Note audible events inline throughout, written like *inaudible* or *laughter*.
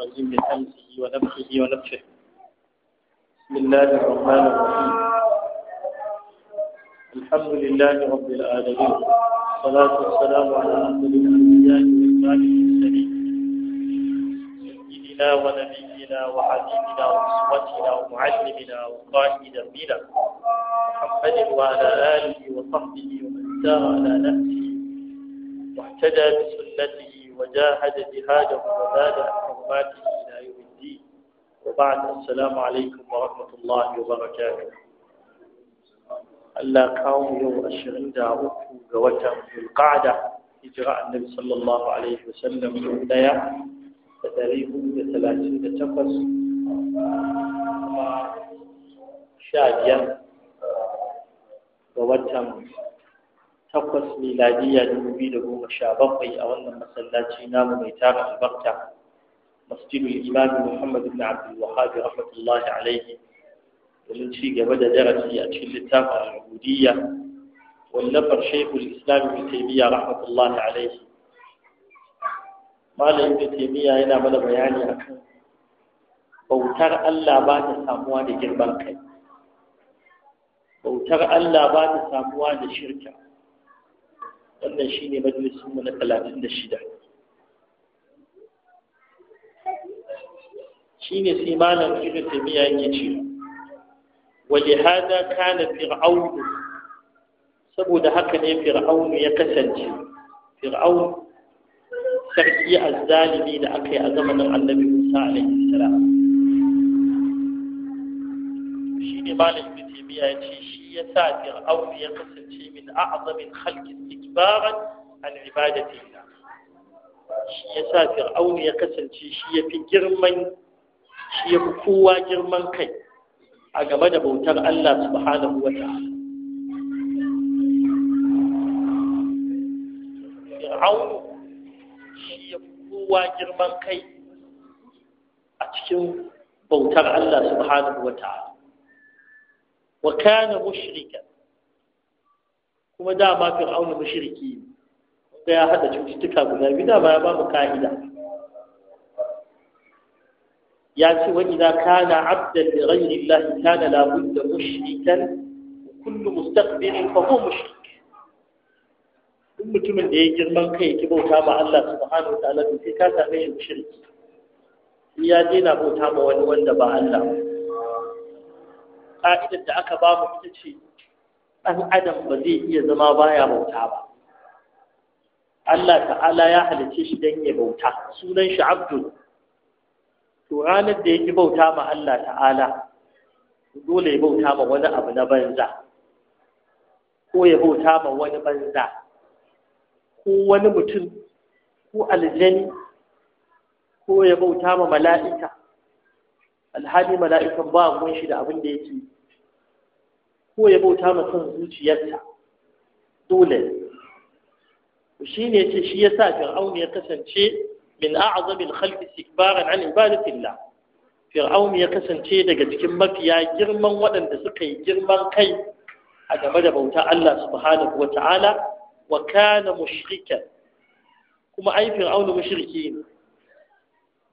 الرجيم من همزه ونفسه ونفسه بسم الله الرحمن الرحيم الحمد لله رب العالمين الصلاة والسلام على أفضل الأنبياء وإمام السليم سيدنا ونبينا وحبيبنا وأسوتنا ومعلمنا وقائد بنا محمد وعلى آله وصحبه ومن سار على نفسه واهتدى بسنته وجاهد جهاده وزاد وفاته إلى يوم الدين وبعد السلام عليكم ورحمة الله وبركاته الله قوم يوم الشغل دعوته جوتهم في القعدة إجراء النبي صلى الله عليه وسلم في البداية فتريهم بثلاثين تقص شاديا جوتهم تقص ميلادية لمبيده مشابقي أولا مسلاتي نام ميتار البرتة مسجد الإمام محمد بن عبد الوهاب رحمة الله عليه ومن شيء بدأ درسي أتشل التافة العبودية والنفر شيخ الإسلام ابن تيمية رحمة الله عليه قال ابن تيمية هنا بدا بياني أكثر bautar Allah ba ta samuwa da girman kai bautar Allah ba ta samuwa da shirka wannan shine majalisinmu na talatin da shida shine sai malam ibn taymiya yake cewa ولهذا kana fir'aun saboda haka ne fir'aun ya kasance fir'aun sarki azzalimi da aka yi a zamanin annabi musa alaihi salam shine ne malam ibn taymiya ya ce shi ya sa fir'aun ya kasance min a'zami khalqi istikbaran an ibadati shi ya sa fir'aun ya kasance shi ya fi girman shi ya fi kowa girman kai a game da bautar Allah subhanahu wa ta'ala fir'aunu shi ya fi kowa girman kai a cikin bautar Allah subhanahu wa ta'ala wa kana mushrika kuma dama fir'aunu mushriki ne ya haɗa cututtuka guda biyu dama ya ba mu ka'ida ya ce wa idza kana abdan li ghayri allah kana la budda mushrikan kullum mustaqbilin fa huwa mushrik duk mutumin da ya girman kai ki bauta ma Allah subhanahu wa ta'ala sai ka same shi mushriki ya daina bauta ma wani wanda ba Allah ka'idar da aka ba mu ita ce dan adam ba zai iya zama baya bauta ba Allah ta'ala ya halice shi dan ya bauta sunan shi abdul to ranar da yake bauta ma Allah ta'ala dole ya bauta ma wani abu na banza ko ya bauta ma wani banza ko wani mutum ko aljani ko ya bauta ma mala'ika alhali mala'ikan ba gun shi da abin da yake ko ya bauta ma son zuciyarsa dole shi ne ce shi ya sa fir'aun ya kasance min a'zabil khalqi istikbaran an ibadatillah fir'aun ya kasance daga cikin mafiya girman waɗanda suka yi girman kai a game da bauta Allah subhanahu wata'ala wa kana mushrikan kuma ai fir'aun mushriki ne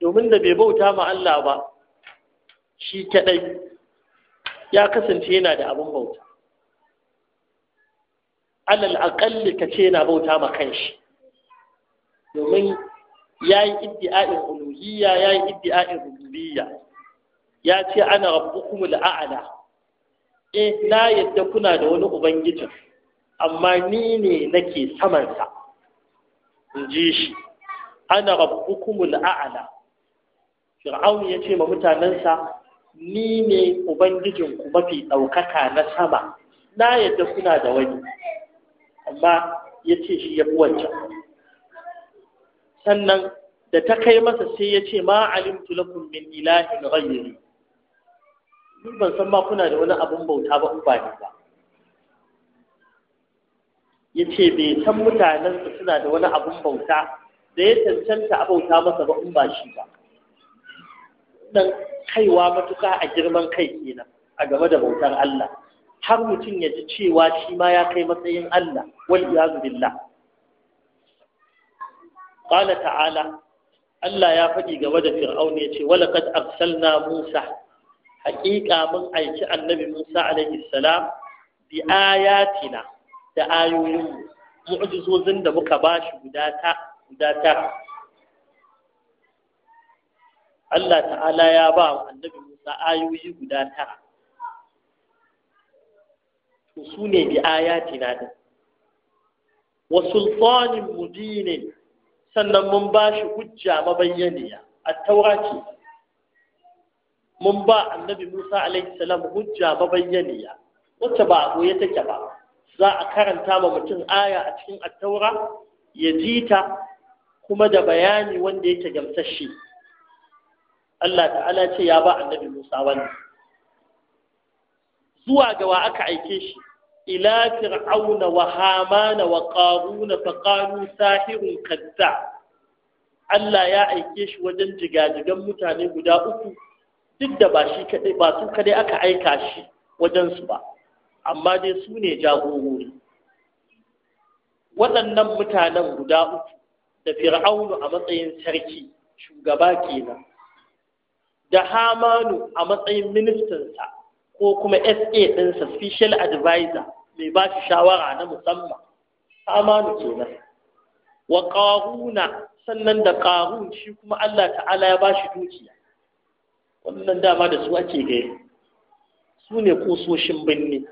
domin da bai bauta ma Allah ba shi kadai ya kasance yana da abin bauta alal aqalli kace yana bauta ma kanshi domin yayi iddi'a'in uluhiyya yayi iddi'a'in rububiyya ya ce ana rabbukumul a'la eh na yadda kuna da wani ubangijin amma ni ne nake samansa in ji shi ana rabbukumul a'la fir'aun ya ce ma mutanensa ni ne ubangijin ku mafi ɗaukaka na sama na yadda kuna da wani amma ya ce shi ya fi wancan sannan da ta kai masa sai ya ce ma alimtu lakum min ilahin ghayri ban san ma kuna da wani abin bauta ba ba ni ba yace bai san mutanen suna da wani abun bauta da ya cancanta abauta masa ba in ba shi ba dan kaiwa matuka a girman kai kenan a game da bautar Allah har mutum ya ji cewa shi ma ya kai matsayin Allah wal iyazu billah qala ta'ala Allah ya faɗi game da fir'auna yace walaqad arsalna Musa haƙiƙa mun aiki annabi Musa alaihi salam bi ayatina da ayoyin mu'jizozin da muka bashi guda ta guda ta Allah ta'ala ya ba annabi Musa ayoyi guda tara su ne bi ayatina din wa sultanin mudinin sannan mun ba shi hujja mabayyaniya A taura ce mun ba annabi Musa alaihi salam hujja mabayyaniya wacce ba a goye take ba za a karanta ma mutum aya a cikin at-taura ya ji ta kuma da bayani wanda yake shi. Allah ta'ala ce ya ba annabi Musa wannan zuwa ga wa aka aike shi ila fir'auna wa hamana wa qaruna fa qalu sahirun kadda Allah ya aike shi wajen jigajigan mutane guda uku duk da ba shi kadai ba su kadai aka aika shi wajen su ba amma dai su ne jagorori waɗannan mutanen guda uku da fir'aunu a matsayin sarki shugaba kenan da hamanu a matsayin ministansa ko kuma SA ɗinsa special advisor mai ba shi shawara na musamman amanu kenan wa ƙaruna sannan da ƙarun shi kuma Allah ta'ala ya ba shi dukiya wannan dama da su ake gari su ne ƙososhin birni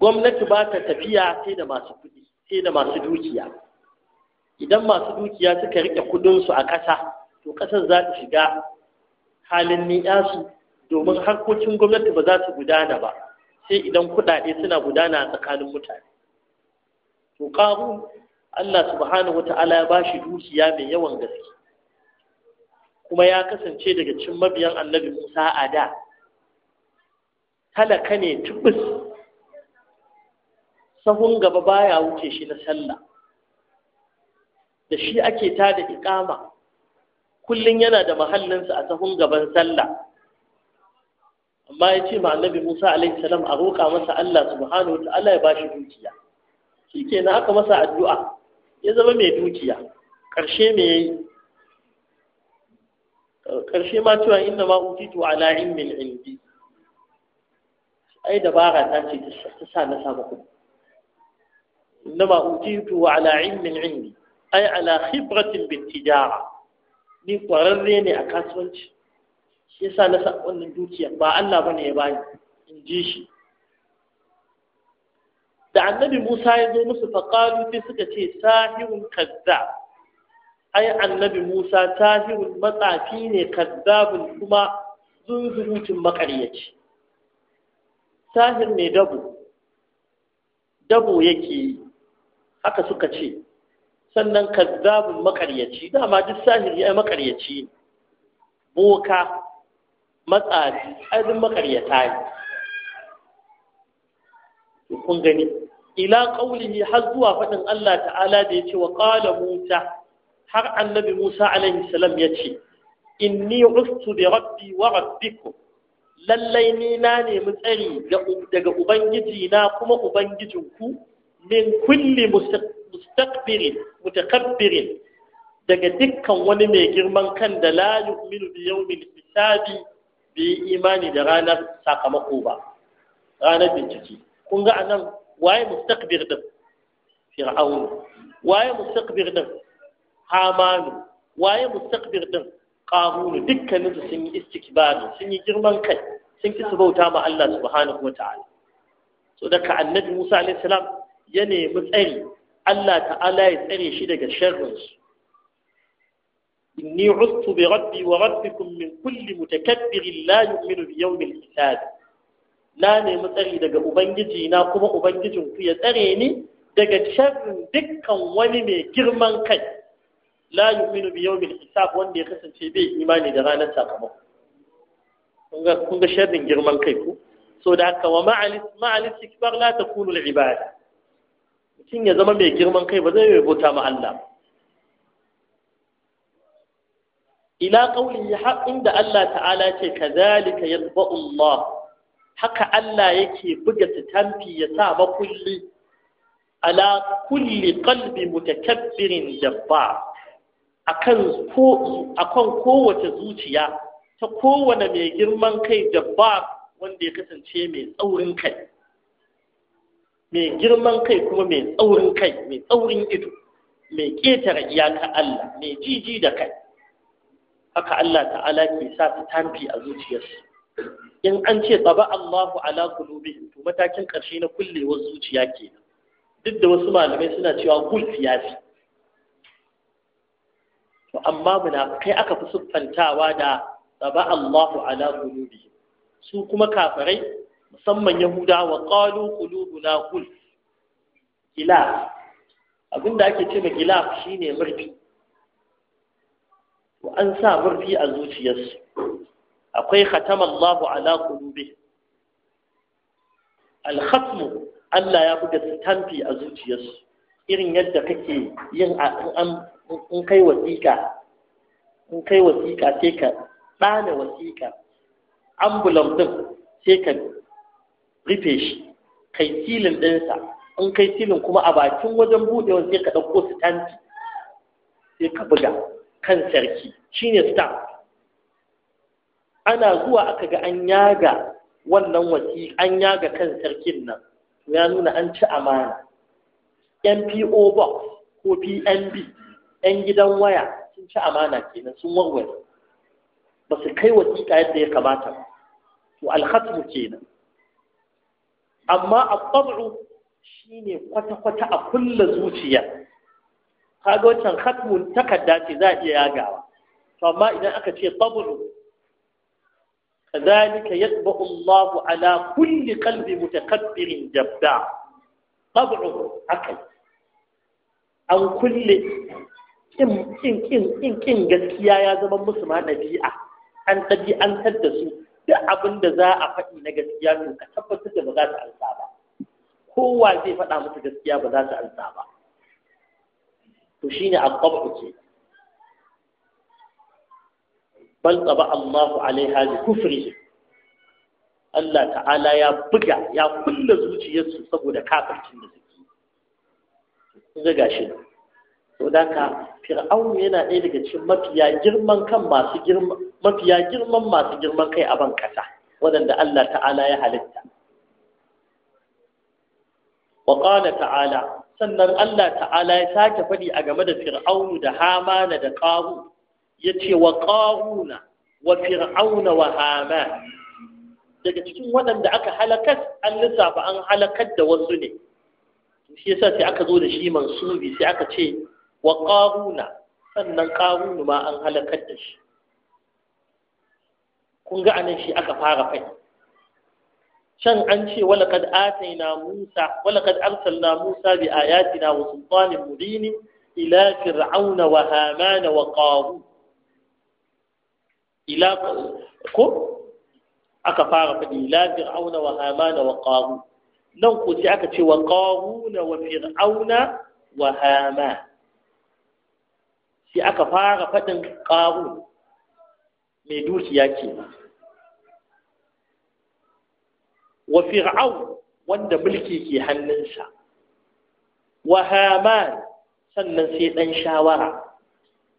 gwamnati ba ta tafiya sai da masu kuɗi sai da masu dukiya idan masu dukiya suka riƙe kuɗinsu a ƙasa to ƙasar za ta shiga halin ni'yasu domin harkokin gwamnati ba za su gudana ba sai idan kuɗaɗe suna gudana a tsakanin mutane to ƙaru Allah subhanahu wata'ala ya ba shi dukiya mai yawan gaske kuma ya kasance daga cin mabiyan annabi Musa a da talaka ne tubus sahun gaba baya wuce shi na sallah da shi ake tada iƙama kullum yana da mahallinsa a sahun gaban sallah amma ya ce ma annabi Musa alaihi salam a roƙa masa Allah subhanahu wa ta'ala ya bashi dukiya ke na aka masa addu'a ya zama mai dukiya ƙarshe me yi ƙarshe ma cewa inna ma utitu ala ilmin indi ai dabara ta ce ta sa na samu kuɗi inna ma utitu ala ilmin indi ai ala khibratin bittijara ni ƙwararre ne a kasuwanci shi yasa na sa wannan dukiya ba Allah bane ya bani in ji shi da annabi Musa ya zo musu qalu sai suka ce sahirun kazzab ai annabi Musa sahirun matsafi ne kazzabun kuma zunzurutun makaryaci sahir ne dabo dabo yake haka suka ce sannan kazzabun makaryaci dama duk sahir ya makaryaci boka matsari azin makaryata ne kun gani ila qaulihi har zuwa faɗin Allah ta'ala da yace wa qala Musa har annabi Musa alaihi salam yace inni ustu bi rabbi wa rabbikum lallai ni na nemi tsari daga ubangiji na kuma ubangijinku min kulli mustaqbirin mutakabbirin daga dukkan wani mai girman kan da la yu'minu bi yawmil hisabi bai imani da ranar sakamako ba ranar bincike kun ga anan waye mustaqbir din fir'aun waye mustaqbir din hamanu waye mustaqbir din qarun dukkanin su sun yi istikbari sun yi girman kai sun ki su bauta ma Allah subhanahu wataala so daga annabi Musa alaihi salam ya nemi tsari Allah ta'ala ya tsare shi daga sharrin su inni ustu bi rabbi wa rabbikum min kulli mutakabbirin la yu'minu bi yawmil hisab na nemi tsari daga ubangiji na kuma ubangijin ku ya tsare ni daga sharrin dukkan wani mai girman kai la yu'minu bi yawmil hisab wanda ya kasance bai imani da ranar sakamako kun ga sharrin girman kai ku so da haka wa ibada ya zama mai girman kai ba zai bauta ma Allah ila qawlihi har da Allah ta'ala ce kazalika yadba'u Allah haka Allah yake buga tamfi ya sa makulli ala kulli qalbi mutakabbirin jabba akan ko akan kowace zuciya ta kowane mai girman kai jabba wanda ya kasance mai tsaurin kai mai girman kai kuma mai tsaurin kai mai tsaurin ido mai ƙetare iyaka Allah mai jiji da kai haka Allah ta'ala ke sa su tanfi a zuciyarsu in an ce tsaba Allahu ala kulubi, to matakin ƙarshe na kullewar zuciya ke duk da wasu malamai suna cewa gulf ya fi to amma muna kai aka fi siffantawa da tsaba Allahu ala kulubi, su kuma kafarai, musamman yahudawa qalu qulubuna gulf ila abinda ake ce ma gilaf shine murfi an sa murfi a zuciyarsu akwai khatama Allahu ala qulubi al-khatm Allah ya buga stampi a zuciyarsu irin yadda kake yin an in kai wasiƙa in kai wasiƙa sai ka ɗana wasiƙa ambulan din sai ka rufe shi kai tilin ɗinsa in kai tilin kuma a bakin wajen buɗewa sai ka ɗauko su sai ka buga kan sarki shine star. ana zuwa aka ga an yaga wannan wasi an yaga kan sarkin nan ya nuna an ci amana npo box ko PNB yan gidan waya sun ci amana kenan sun warware ba su kai wasiƙa yadda ya kamata ba to alhatmu kenan amma a shi shine kwata-kwata a kulla zuciya kaga wancan khatmun takarda ce za a iya yagawa to amma idan aka ce tabulu kadhalika yatba'u Allah ala kulli qalbi mutakabbirin jabda tabulu akai an kulle kin kin kin kin gaskiya ya zama musu ma dabi'a an ɗabi'antar da su duk abin da za a faɗi na gaskiya to ka tabbatar da ba za su alsa ba kowa zai faɗa musu gaskiya ba za su alsa ba to shine al-tab'u ce bal taba Allahu alaiha bi kufri Allah ta'ala ya buga ya kulle zuciyarsu saboda kafircin da suke ga gashi to da ka fir'aun yana ɗaya daga cikin mafiya girman masu girman kai a ban kasa waɗanda Allah ta'ala ya halitta وقال تعالى ta'ala sannan Allah ta'ala ya sake faɗi a game da fir'aunu da hamana da ƙaru ya ce wa ƙaruna wa fir'auna wa haman daga cikin waɗanda aka halakar an lissafa an halakar da wasu ne shi yasa sai aka zo da shi mansubi sai aka ce wa ƙaruna sannan ƙaruna ma an halakar da shi kun ga anan shi aka fara fai can an ce walaqad ataina Musa walaqad arsalna Musa bi ayatina wa sultanin mubin ila fir'auna wa hamana wa qarun ila ko aka fara faɗi ila fir'auna wa hamana wa qarun nan ko sai aka ce wa qaruna wa fir'auna wa hama, sai aka fara fadin qarun mai dukiya kenan wa fir'aun wanda mulki ke hannunsa wa haman sannan sai dan shawara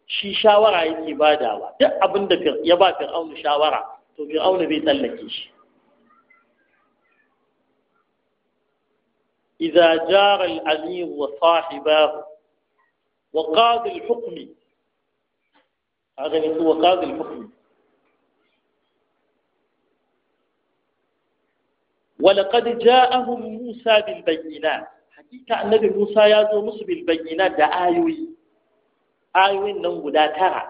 shi shawara yake badawa duk abin da ya ba fir'aun shawara to fir'aun bai tsallake shi إذا جار الأمير وصاحباه وقاضي الحكم هذا هو قاضي الحكم ولقد جاءهم موسى بالبينات حقيقة النبي موسى يازو موسى بالبينات دا آيوي آيوي ننغو دا ترى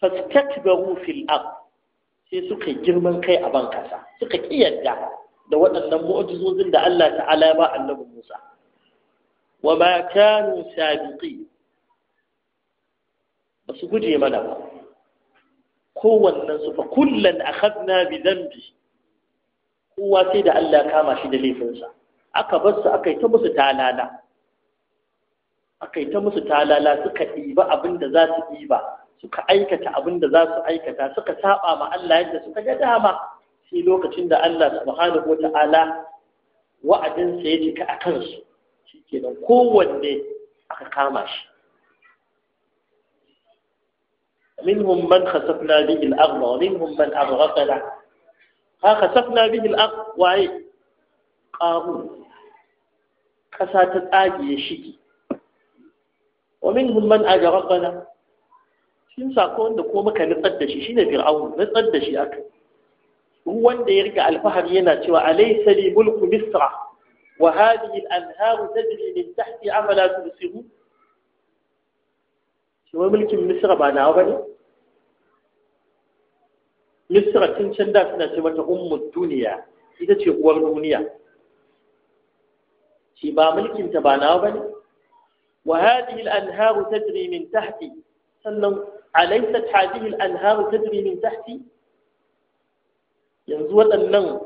فاستكبروا في الأرض sai suka girman kai a ban kasa suka ki yarda da waɗannan mu'ajizozin da Allah ta'ala ba annabi Musa wa ma kanu sabiqi basu guje mana ba kowannen su fa kullan akhadna bi dhanbi kowa sai da Allah kama shi da laifinsa aka bar su aka yi ta musu talala aka yi ta musu talala suka ɗiba abin da za su ɗiba suka aikata abin da za su aikata suka saba ma Allah yadda suka ga dama shi lokacin da Allah subhanahu wata'ala wa'adinsa ya cika a kansu shi da kowanne aka kama shi منهم من خسفنا به الأرض ومنهم من أغرقنا Haka safna bihi al waye qarun Ƙasa ta tsage ya shige wa minhum man ajraqna shin sako wanda ko muka nutsar da shi shine fir'aun nutsar da shi aka ruwan da ya riga alfahari yana cewa alai li mulku misra wa hadhihi al-anharu tajri min tahti afala tubsirun shi wa mulkin misra ba nawa bane misra tun can da suna ce mata duniya ita ce uwar duniya shi ba mulkin ta ba nawa bane wa hadhihi al-anharu tajri min tahti sannan alaysat hadhihi al-anharu tajri min tahti yanzu waɗannan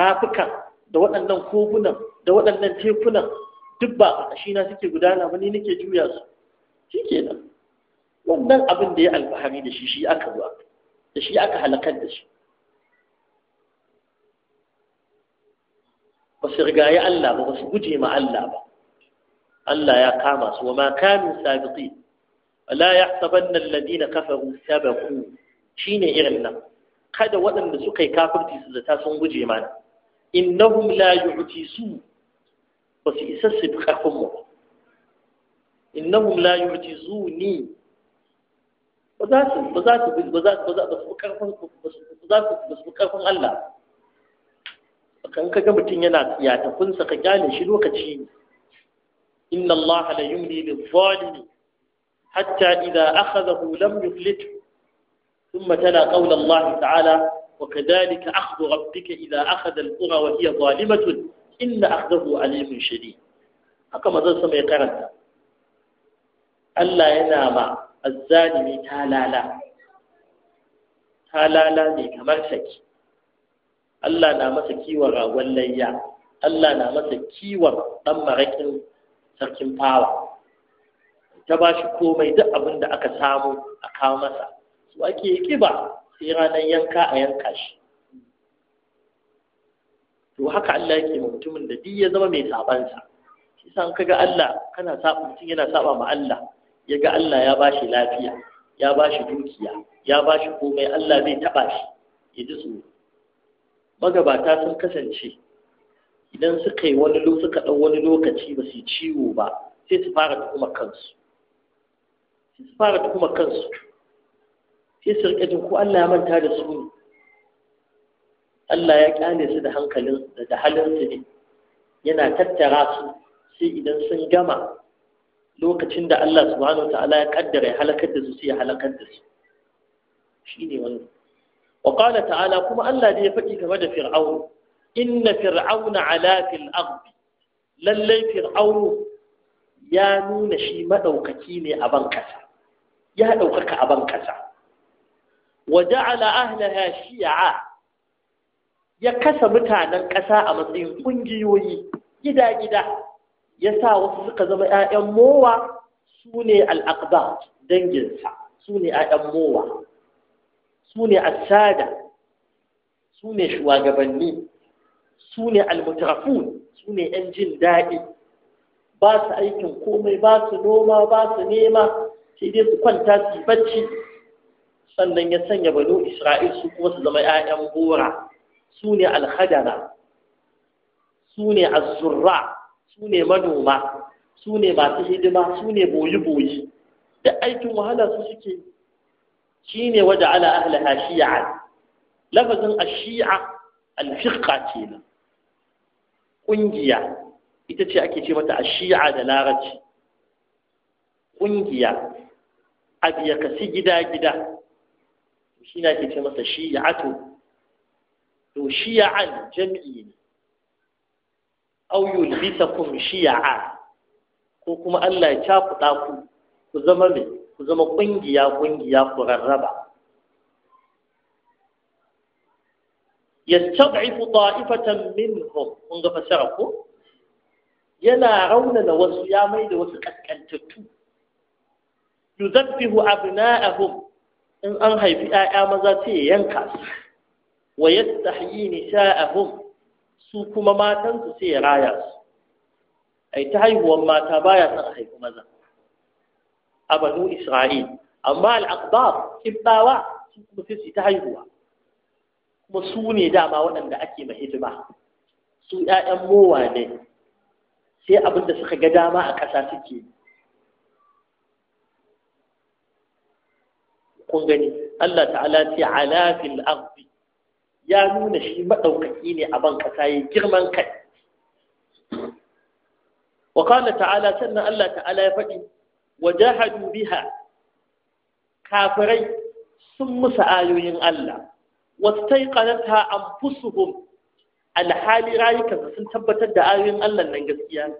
rafukan da waɗannan kogunan da waɗannan tekunan duk ba a ƙashina suke gudana ba ni nake juya su shi kenan wannan abin da ya alfahari da shi shi aka zo aka da shi aka halakar da shi ba su rigaye Allah ba ba su guje ma Allah ba Allah ya kama su wa ma kanu sabiqi la yahsabanna alladhina kafaru sabaqu shine irin nan kada waɗanda suka yi kafirci su zata sun guje mana innahum la yu'tisu ba su isa su karfin mu innahum la yu'tizuni ba za su ba za su ba za ba za ba su karfin ba za su ba su karfin Allah kan kaga mutum yana ya tafunsa ka kyale shi lokaci ne inna Allah la yumli lil zalimi hatta idza akhadhahu lam yuflit ثم تلا قول الله تعالى rabbika أخذ ربك إذا أخذ القرى وهي ظالمة إن أخذه عليم شديد haka mazan sama ya karanta Allah yana ma ta lala. Ta lala ne kamar saki Allah na masa kiwon ragon layya Allah na masa kiwon ɗan maraƙin sarkin fawa ta ba shi komai duk abin da aka samu a kawo masa su ake kiba sai ranar yanka a yanka shi to haka Allah yake ma mutumin da duk ya zama mai sabansa shi san kaga Allah kana sabu mutum yana saba ma Allah ya ga Allah ya ba shi lafiya ya ba shi dukiya ya ba shi komai Allah zai taɓa shi ya ji tsoro magabata sun kasance idan suka yi wani suka ɗau wani lokaci ba su yi ciwo ba sai su fara tuhuma kansu sai su fara tuhuma kansu sai su rika jin ko Allah ya manta da su ne Allah ya kyale su da hankalin da halin su ne yana tattara su sai idan sun gama lokacin da Allah subhanahu wataala ya kaddara ya halakar da su sai ya halakar da su shine wannan wa qala ta'ala kuma Allah da ya faɗi game da Fir'aunu. inna fir'auna ala fil ard lallai Fir'aunu ya nuna shi madaukaki ne a ban kasa ya daukaka a ban kasa wa ja'ala ahlaha shi'a ya kasa mutanen kasa a matsayin kungiyoyi gida-gida ya sa wasu suka zama ‘ya'yan mowa su ne al’aƙba danginsa su ne ‘ya'yan mowa su ne asada su ne shugabanni su ne almutrafun su ne ‘yan jin daɗi ba su aikin komai ba su noma ba su nema sai dai su kwanta su bacci sannan ya sanya banu isra'il su kuma su zama ‘ya'yan gora su ne alhadara su ne azurra su ne manoma su ne masu hidima su ne boyi-boyi da aikin wahala su suke shi ne wada ala ahlaha shi'a lafazin ashi'a alfiqa ce na ƙungiya ita ce ake ce mata ashi'a da larabci ƙungiya abu kasi gida-gida shi ne ake ce masa shi'a to shi'a jam'i ne aw yulbisakum shi'a ko kuma Allah ya cakuɗa ku ku zama mai ku zama ƙungiya ƙungiya ku rarraba yastad'ifu ta'ifatan minhum kun ga fasara ko yana raunana wasu ya mai da wasu kaskantattu yuzabbihu ahu in an haifi 'ya'ya maza sai ya yanka su wa yastahyi ahu? su kuma matansu sai ya raya su ai ta haihuwar mata baya son a haifi maza a banu isra'il amma al'aqbar kibbawa su kuma sai su ta haihuwa kuma su ne dama waɗanda ake ma hidima su ƴaƴan mowa ne sai abin da suka ga dama a ƙasa suke kun gani Allah ta'ala ce ala fil ya nuna shi maɗaukaki ne a ban ƙasa ya girman kai wa qala ta'ala sannan Allah ta'ala ya faɗi wa jahadu biha kafirai sun musa ayoyin Allah wastaiqanatha anfusuhum alhali rayukansu sun tabbatar da ayoyin Allah nan gaskiya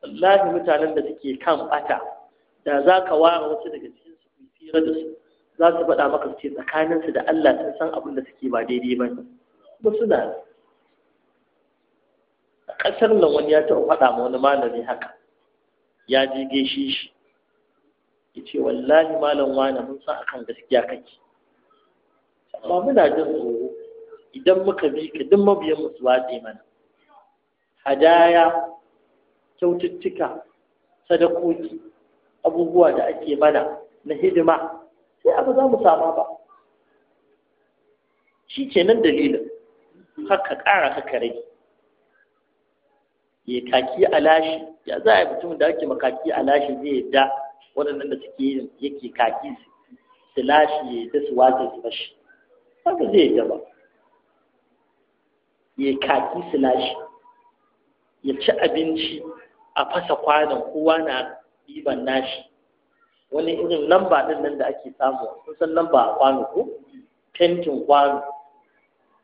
wallahi mutanen da suke kan bata da za ka ware wasu daga cikin su tsira da su za su faɗa maka ce tsakaninsu da Allah sun san abin da suke ba daidai ba ne ba suna a ƙasar nan wani ya taɓa faɗa ma wani malami haka ya je gaishe shi ya ce wallahi malam wani mun san akan gaskiya kake amma muna jin tsoro idan muka bi ka duk mabiyan mu su watse mana hadaya kyaututtuka sadakoki abubuwa da ake mana na hidima sai aka za mu sama ba shi ke nan dalilin haka ƙara haka rai ya kaki a lashi ya za a yi mutum da ake makaki a lashi zai yadda waɗannan da suke yin yake kaki su lashi ya yadda su wata su fashi haka zai yadda ba ya kaki su lashi ya ci abinci a fasa kwanan kowa na ɗiban nashi wani irin lamba din nan da ake samu kusan lamba a kwano ko fentin kwano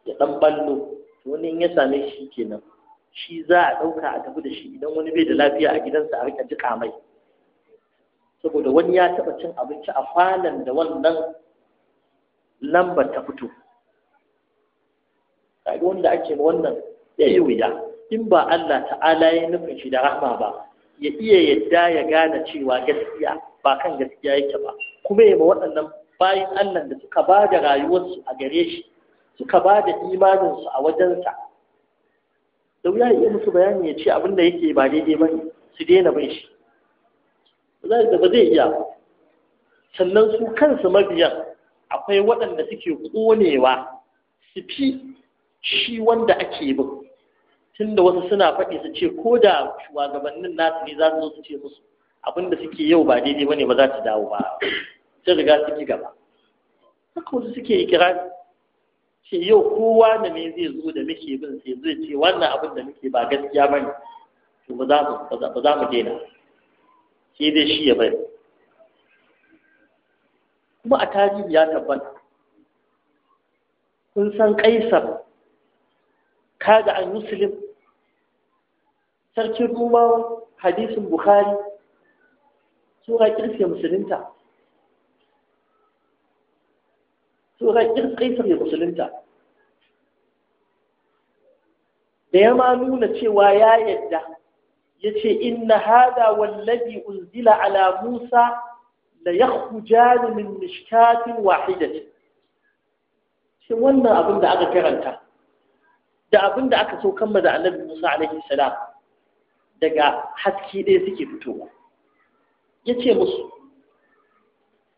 ya dan ballo wani in ya same shi kenan shi za a ɗauka a tafi da shi idan wani bai da lafiya a gidansa a rika jiƙa mai saboda wani ya taɓa cin abinci a kwanan da wannan lambar ta fito kaga wanda ake wannan ya yi wuya in ba Allah ta'ala ya nufin shi da rahma ba ya iya yadda ya gane cewa gaskiya ba kan gaskiya yake ba kuma ya ma waɗannan bayan Allah da suka ba da rayuwarsu a gare shi suka ba da imaninsu a wajensa da wuya iya musu bayani ya ce abin da yake ba daidai ba su daina bai shi da ba zai iya sannan su kansu mabiyan akwai waɗanda suke ƙonewa su fi shi wanda ake bin tunda wasu suna faɗi su ce ko da shugabannin nasu ne za su zo su ce musu abin da suke yau ba daidai bane ba za su dawo ba sun riga suke gaba haka wasu suke kira ce yau kowa da me zai zo da muke bin sai zai ce wannan abin da muke ba gaskiya ba ne to ba za mu ba za mu daina sai dai shi ya bari kuma a tarihi ya tabbata kun san kaisar kaga an muslim sarkin rumawa hadisin bukhari sura kirsiya musulunta sura kirsiya musulunta da ya ma nuna cewa ya yadda ya ce inna hada wallazi unzila ala musa ya yakhujan min mishkatin wahidatin shi wannan abin da aka karanta da abin da aka so kammala annabi musa alaihi salam daga haske ɗaya suke fitowa ya ce musu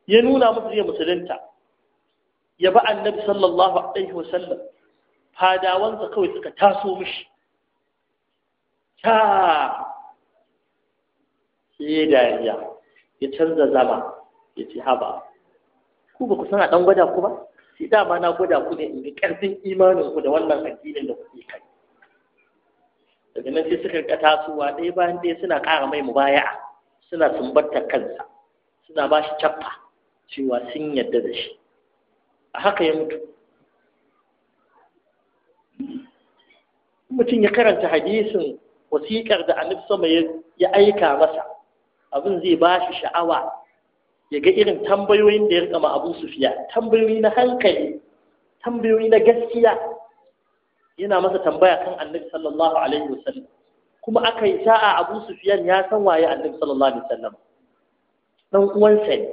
ya nuna musu ya musulunta ya ba annabi sallallahu alaihi wasallam fadawansa kawai suka taso mishi ta sai dariya ya canza zama ya ce haba ku ba ku san a ɗan gwada ku ba sai dama na gwada ku ne inda ƙarfin imanin ku da wannan addinin da kuke kai daga nan sai suka rika tasowa ɗaya bayan ɗaya suna ƙara mai mubaya'a suna tumbata kansa suna ba shi cappa cewa sun yarda da shi a haka ya mutu mutum ya karanta hadisin wasiƙar da a sama ya aika masa abin zai ba shi sha'awa ya ga irin tambayoyin da ya rikama abu su fiya. tambayoyi na hankali tambayoyi na gaskiya yana masa tambaya kan annabi sallallahu alaihi wasallam kuma aka yi sa'a abu sufiyan ya san waye annabi sallallahu alaihi wasallam dan uwansa ne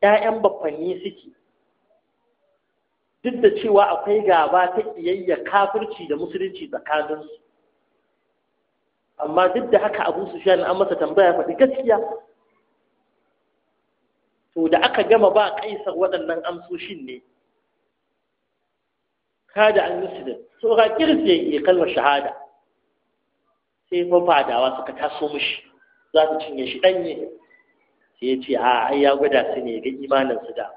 ƴaƴan baffanni suke duk da cewa akwai gaba ta kiyayya kafirci da musulunci tsakaninsu amma duk da haka abu sufiyan an masa tambaya faɗi gaskiya to da aka gama ba kaisar waɗannan amsoshin ne kada an yi su da kirsi ya kalmar shahada sai fa fadawa suka taso mishi za su cinye shi danye sai ya ce a ai ya gwada su ne ga imanin su da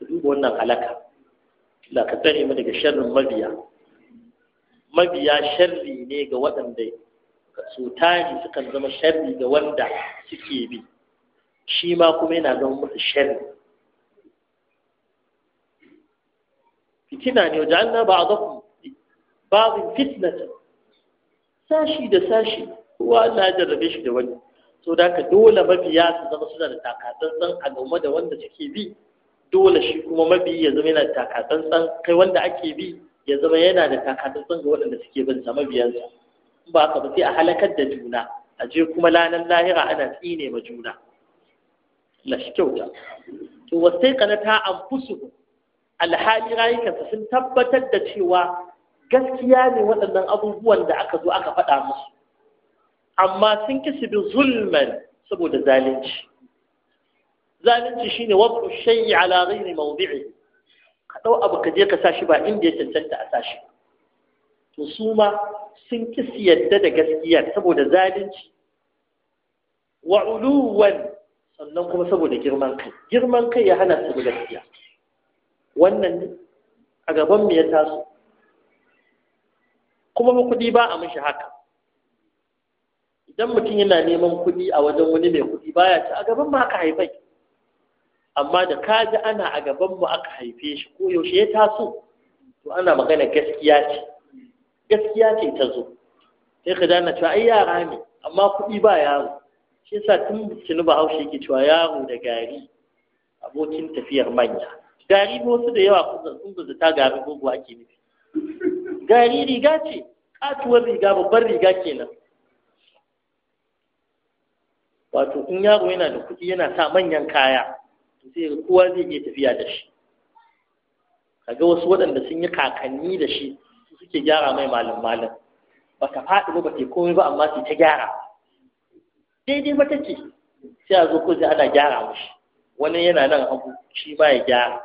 duba wannan halaka da ka tsare mu daga sharrin mabiya mabiya sharri ne ga waɗanda su tari sukan zama sharri ga wanda suke bi shi ma kuma yana zama musu sharri fitina ne wajen na ba a zafi babin fitnatan sashi da sashi kowa Allah ya jarrabe shi da wani so da ka dole mabiya su zama suna da takatsantsan a game da wanda suke bi dole shi kuma mabi ya zama yana da takatsantsan kai wanda ake bi ya zama yana da takatsantsan ga waɗanda suke bin sa mabiyansa in ba haka ba sai a halakar da juna a je kuma lanan lahira ana tsine ma juna la shi kyauta to wasai kana ta anfusu alhali rayukansa sun tabbatar da cewa gaskiya ne waɗannan abubuwan da aka zo aka faɗa musu amma sun su bi zulman saboda zalunci zalunci shine wasu shay'i ala ghairi mawdi'i ka dau abu ka je ka sashi ba inda ya cancanta a sashi to su ma sun su yadda da gaskiya saboda zalunci wa uluwan sannan kuma saboda girman kai girman kai ya hana su gaskiya wannan a gaban mu ya taso kuma mu kuɗi ba a mishi haka idan mutum yana neman kuɗi a wajen wani mai kuɗi baya ci a gaban mu aka haifai amma da ka ji ana a gaban mu aka haife shi ko yaushe ya taso to ana magana gaskiya ce gaskiya ce ta zo sai ka dana cewa ai yara ne amma kuɗi ba yaro shi yasa tun tuni haushe yake cewa yaro da gari abokin tafiyar manya gari ba wasu da yawa kun zan ta gari gogo ake nufi gari riga ce katuwar riga babbar riga kenan wato in yaro yana da kuɗi yana sa manyan kaya sai kowa zai iya tafiya da shi kaga wasu waɗanda sun yi kakanni da shi suke gyara mai malam malam ba ta faɗi ba ba ta komai ba amma sai ta gyara daidai ba take sai a zo ko sai ana gyara mashi wani yana nan abu shi ba ya gyara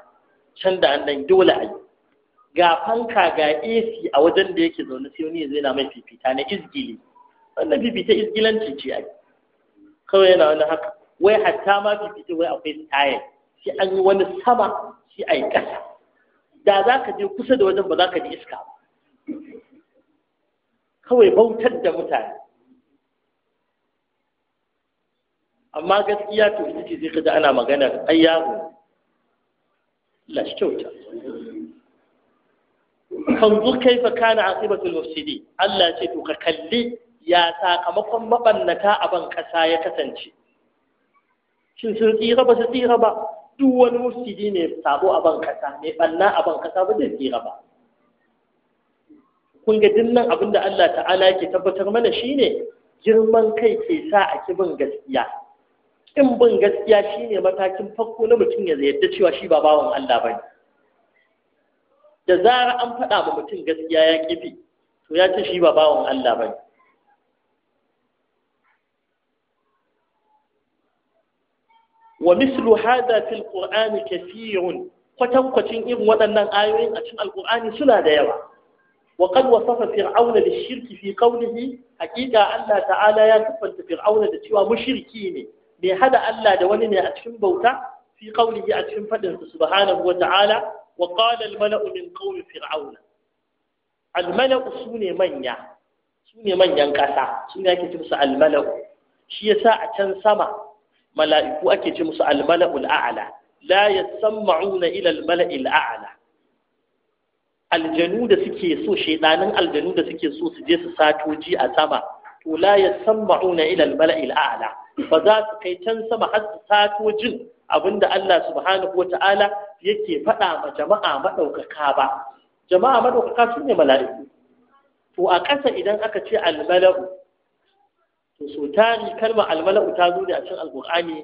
can da an dan dole a yi ga fanka ga AC a wajen da yake zaune sai wani zai na mai fifita na izgili wannan fifita izgilanci ce ai kawai yana wani haka wai hatta ma fifita wai akwai style sai an yi wani sama sai a yi ƙasa da za ka je kusa da wajen ba za ka ji iska ba kawai bautar da mutane amma gaskiya to ita ce zai kaji ana maganar ai yaro lashi kyauta kai fa kana aqibatul mufsidi Allah ce to ka kalli ya sakamakon mabannata a ban kasa ya kasance shin sun tsira ba su tsira ba duk wani mufsidi ne sabo a ban kasa mai banna a ban kasa ba zai tsira ba kun ga dinnan abin da Allah ta'ala yake tabbatar mana shine girman kai ke sa a kibin gaskiya in bin gaskiya shine matakin farko na mutum ya yarda cewa shi ba bawan Allah bane da zara an faɗa ma mutum gaskiya ya kifi to ya ce shi ba bawan Allah ba wa mislu hada fil qur'ani kathirun kwatankwacin irin waɗannan ayoyin a cikin alqur'ani suna da yawa wa qad wasafa fir'auna da shirki fi qawlihi haqiqa Allah ta'ala ya tabbata fir'auna da cewa mushriki ne mai hada Allah da wani ne a cikin bauta fi qawlihi a cikin fadin subhanahu wa ta'ala wa ƙada almana ulin kawai fir'auna almana su ne manyan ƙasa su ne ake ce almana ul shi ya sa a can sama mala'iku ake ce musu almana ul la ya san ma'una ila almana il a'ala aljanu da suke so shaidanin aljanu da suke so su je su satoji a sama to la ya san ma'una ila almana il ba za su kai can sama har su sato jin. abinda Allah subhanahu wata'ala yake faɗa ma jama'a maɗaukaka ba jama'a maɗaukaka sun ne mala'iku to a ƙasa idan aka ce almala'u to so tari kalmar almala'u ta zo ne a cikin alƙur'ani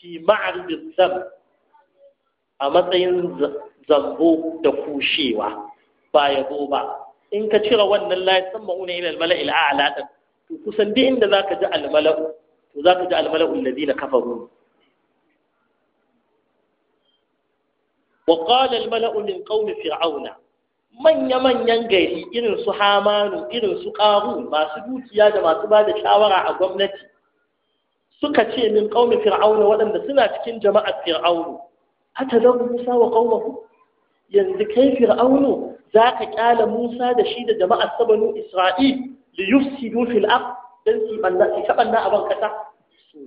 fi ma'aribin zam a matsayin zambo da kushewa ba yabo ba in ka cire wannan layi, la yasammauna ila almala'il a'la to kusan duk inda zaka ji almala'u to zaka ji almala'u alladhina kafaru wa qala al mala'u min fir'auna manya manyan gari irin su hamanu irin su qaru masu dukiya da masu ba da shawara a gwamnati suka ce min qaumi fir'auna waɗanda suna cikin jama'ar fir'aunu atadabu musa wa qaumahu yanzu kai fir'aunu za ka kyala musa da shi da jama'a sabanu isra'il li yufsidu fil ard banna su ta banna a ban kasa su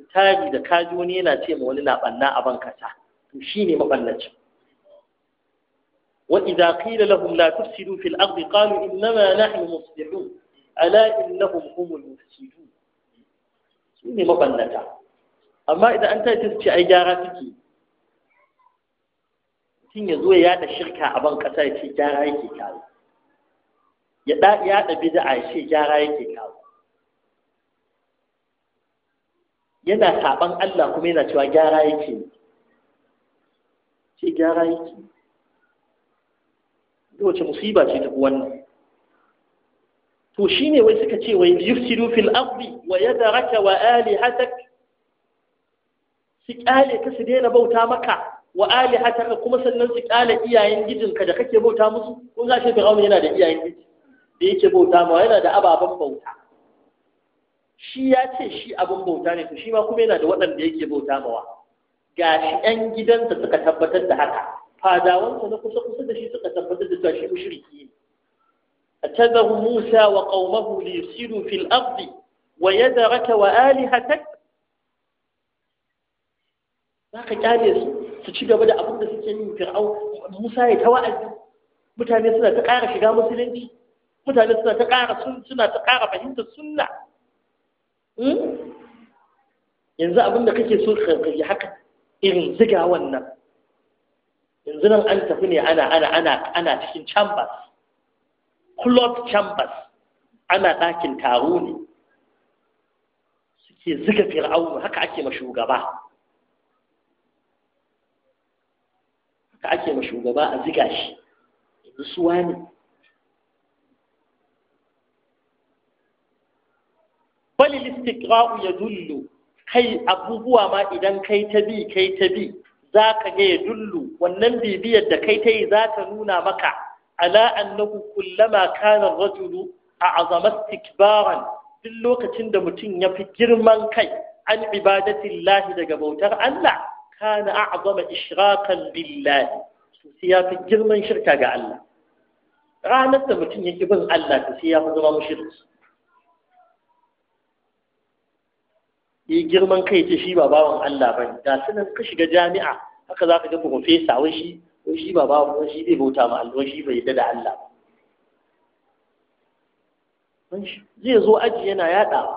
da kaji yana ce ma wani na banna a ban kasa to shine maballacin وإذا قيل لهم لا تفسدوا في الأرض قالوا إنما نحن مصلحون ألا إنهم هم المفسدون سنة مبنتا أما إذا أنت تسجي أي جارتك tun ya zo ya yada shirka a ban kasa ya ce gyara yake kawo ya da yada bid'a ya ce gyara yake kawo yana Allah kuma yana cewa gyara ce gyara ta wace musiba ce ta wannan to shine wai suka ce wai yufsidu fil ardi wa yadraka wa alihatak su kyale ka su daina bauta maka wa alihataka kuma sannan su kyale iyayen ka da kake bauta musu kun ga shi fir'aun yana da iyayen gidi da yake bauta ma yana da ababen bauta shi ya ce shi abin bauta ne to shi ma kuma yana da waɗanda yake bauta mawa ga shi 'yan gidansa suka tabbatar da haka fadawansa na kusa kusa da shi suka tabbatar da cewa shi mushriki ne atadahu Musa wa qaumahu li yusiru fil ardi wa yadraka wa alihatak zaka kyale su su ci gaba da abin da suke yi fir'au Musa ya tawa'azi mutane suna ta ƙara shiga musulunci mutane suna ta ƙara suna ta ƙara fahimtar sunna hmm? yanzu abin da kake so ka yi haka irin ziga wannan yanzu nan an tafi ne ana ana ana ana cikin chambers cloth chambers ana ɗakin taro ne suke zuga fir'aunu haka ake ma shugaba haka ake ma shugaba a ziga shi yanzu suwa ne ra'u ya dullo, kai abubuwa ma idan kai ta bi kai ta bi za ka ga ya dullu wannan bibiyar da kai ta yi za ta nuna maka ala annahu kullama kana rajulu a azama tikbaran duk lokacin da mutum ya fi girman kai an ibadatin lahi daga bautar Allah kana a azama ishrakan billahi sai ya fi girman shirka ga Allah ranar da mutum ya ki bin Allah sai ya fi zama mushirki yi girman kai ce shi ba bawan Allah ba ga su nan ka shiga jami'a haka za ka ga profesa wai shi wai shi ba bawan wai shi bai bauta ma Allah shi bai yadda da Allah ba zai zo aji yana yaɗawa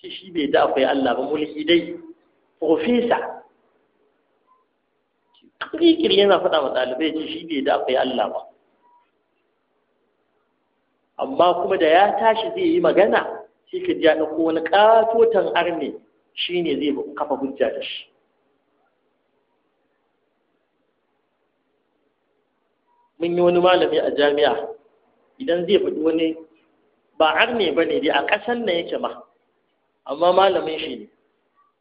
ce shi bai da akwai Allah ba mulki dai profesa kirkir yana faɗa wa ɗalibai ce shi bai da akwai Allah ba amma kuma da ya tashi zai yi magana sai ka ji ɗauko wani ƙatotan arne shi ne zai kafa hujja da shi mun yi wani malami a jami'a idan zai faɗi wani ba arne ba ne dai a ƙasan na yake ma amma malamin shi ne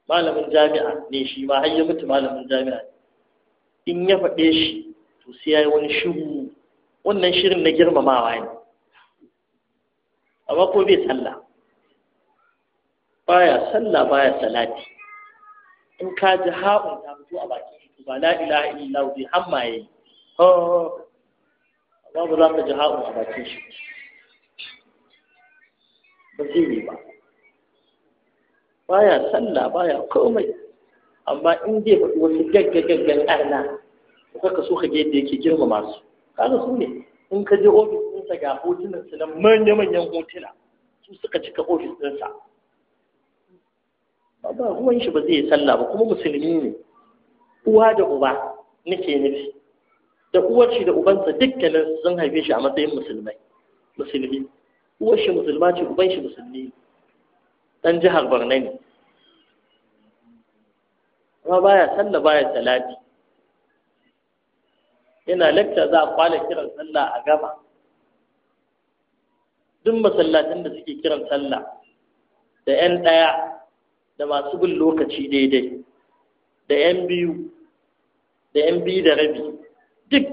malamin jami'a ne shi ma har ya mutu malamin jami'a in ya faɗe shi to sai ya yi wani shiru wannan shirin na girmamawa ne amma ko bai sallah baya sallah baya salati in ka ji ha'un ta fito a bakin shi ba la ilaha illallah bi hamma ho babu ba za ka ji ha'un a bakin shi ba zai yi ba baya sallah baya komai amma in zai faɗi wasu gaggagaggan arna ka ka so ka ga yadda yake girmama su kaga su ne in ka je ofis ɗinsa ga hotunan su na manya-manyan hotuna su suka cika ofis ɗinsa ba uwan shi ba zai yi sallah ba kuma musulmi ne uwa da uba nake nufi da uwar shi da ubansa dukkanin sun haife shi a matsayin musulmai musulmi uwar shi musulma ce uban shi musulmi dan jihar Borno ne amma baya sallah baya salati yana lakta za a kwale kiran sallah a gaba duk masallatan da suke kiran sallah da 'yan ɗaya da masu bin lokaci daidai da yan biyu da yan biyu da rabi duk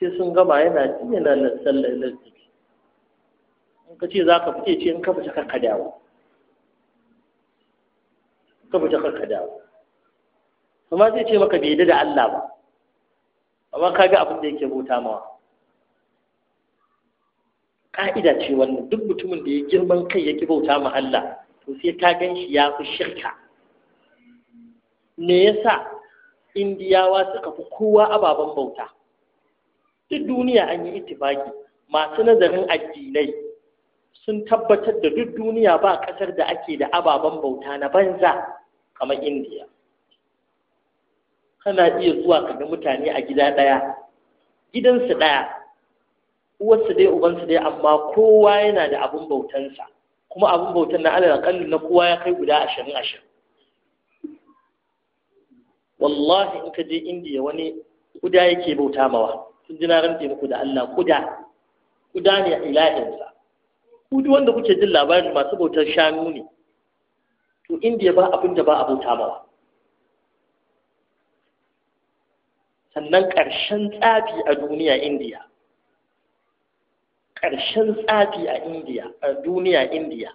sai sun gama yana jiya na sallar lalzibi in ka ce za ka fice ce in kafa shakar kadawa kafa shakar kadawa kuma zai ce maka bai da Allah ba amma ka ga abin da yake bauta mawa ka'ida ce wannan duk mutumin da ya girman kai yake bauta ma Allah to sai ka gan shi ya fi shirka me yasa indiyawa suka fi kowa ababen bauta duk duniya an yi itibaki masu nazarin addinai sun tabbatar da duk duniya ba ƙasar da ake da ababen bauta na banza kamar indiya kana iya zuwa kaga mutane a gida ɗaya gidansu ɗaya uwarsu dai ubansu dai amma kowa yana da abin bautansa kuma abin bautan na alal akalli na kowa ya kai guda ashirin ashirin wallahi in ka je indiya wani kuda yake bauta mawa sun ji na rantse muku da allah kuda kuda ne a ilahinsa kudu wanda kuke jin labarin masu bautar shanu ne to indiya ba abin da ba a bauta mawa sannan ƙarshen tsafi a duniya indiya ƙarshen tsafi a indiya a duniya indiya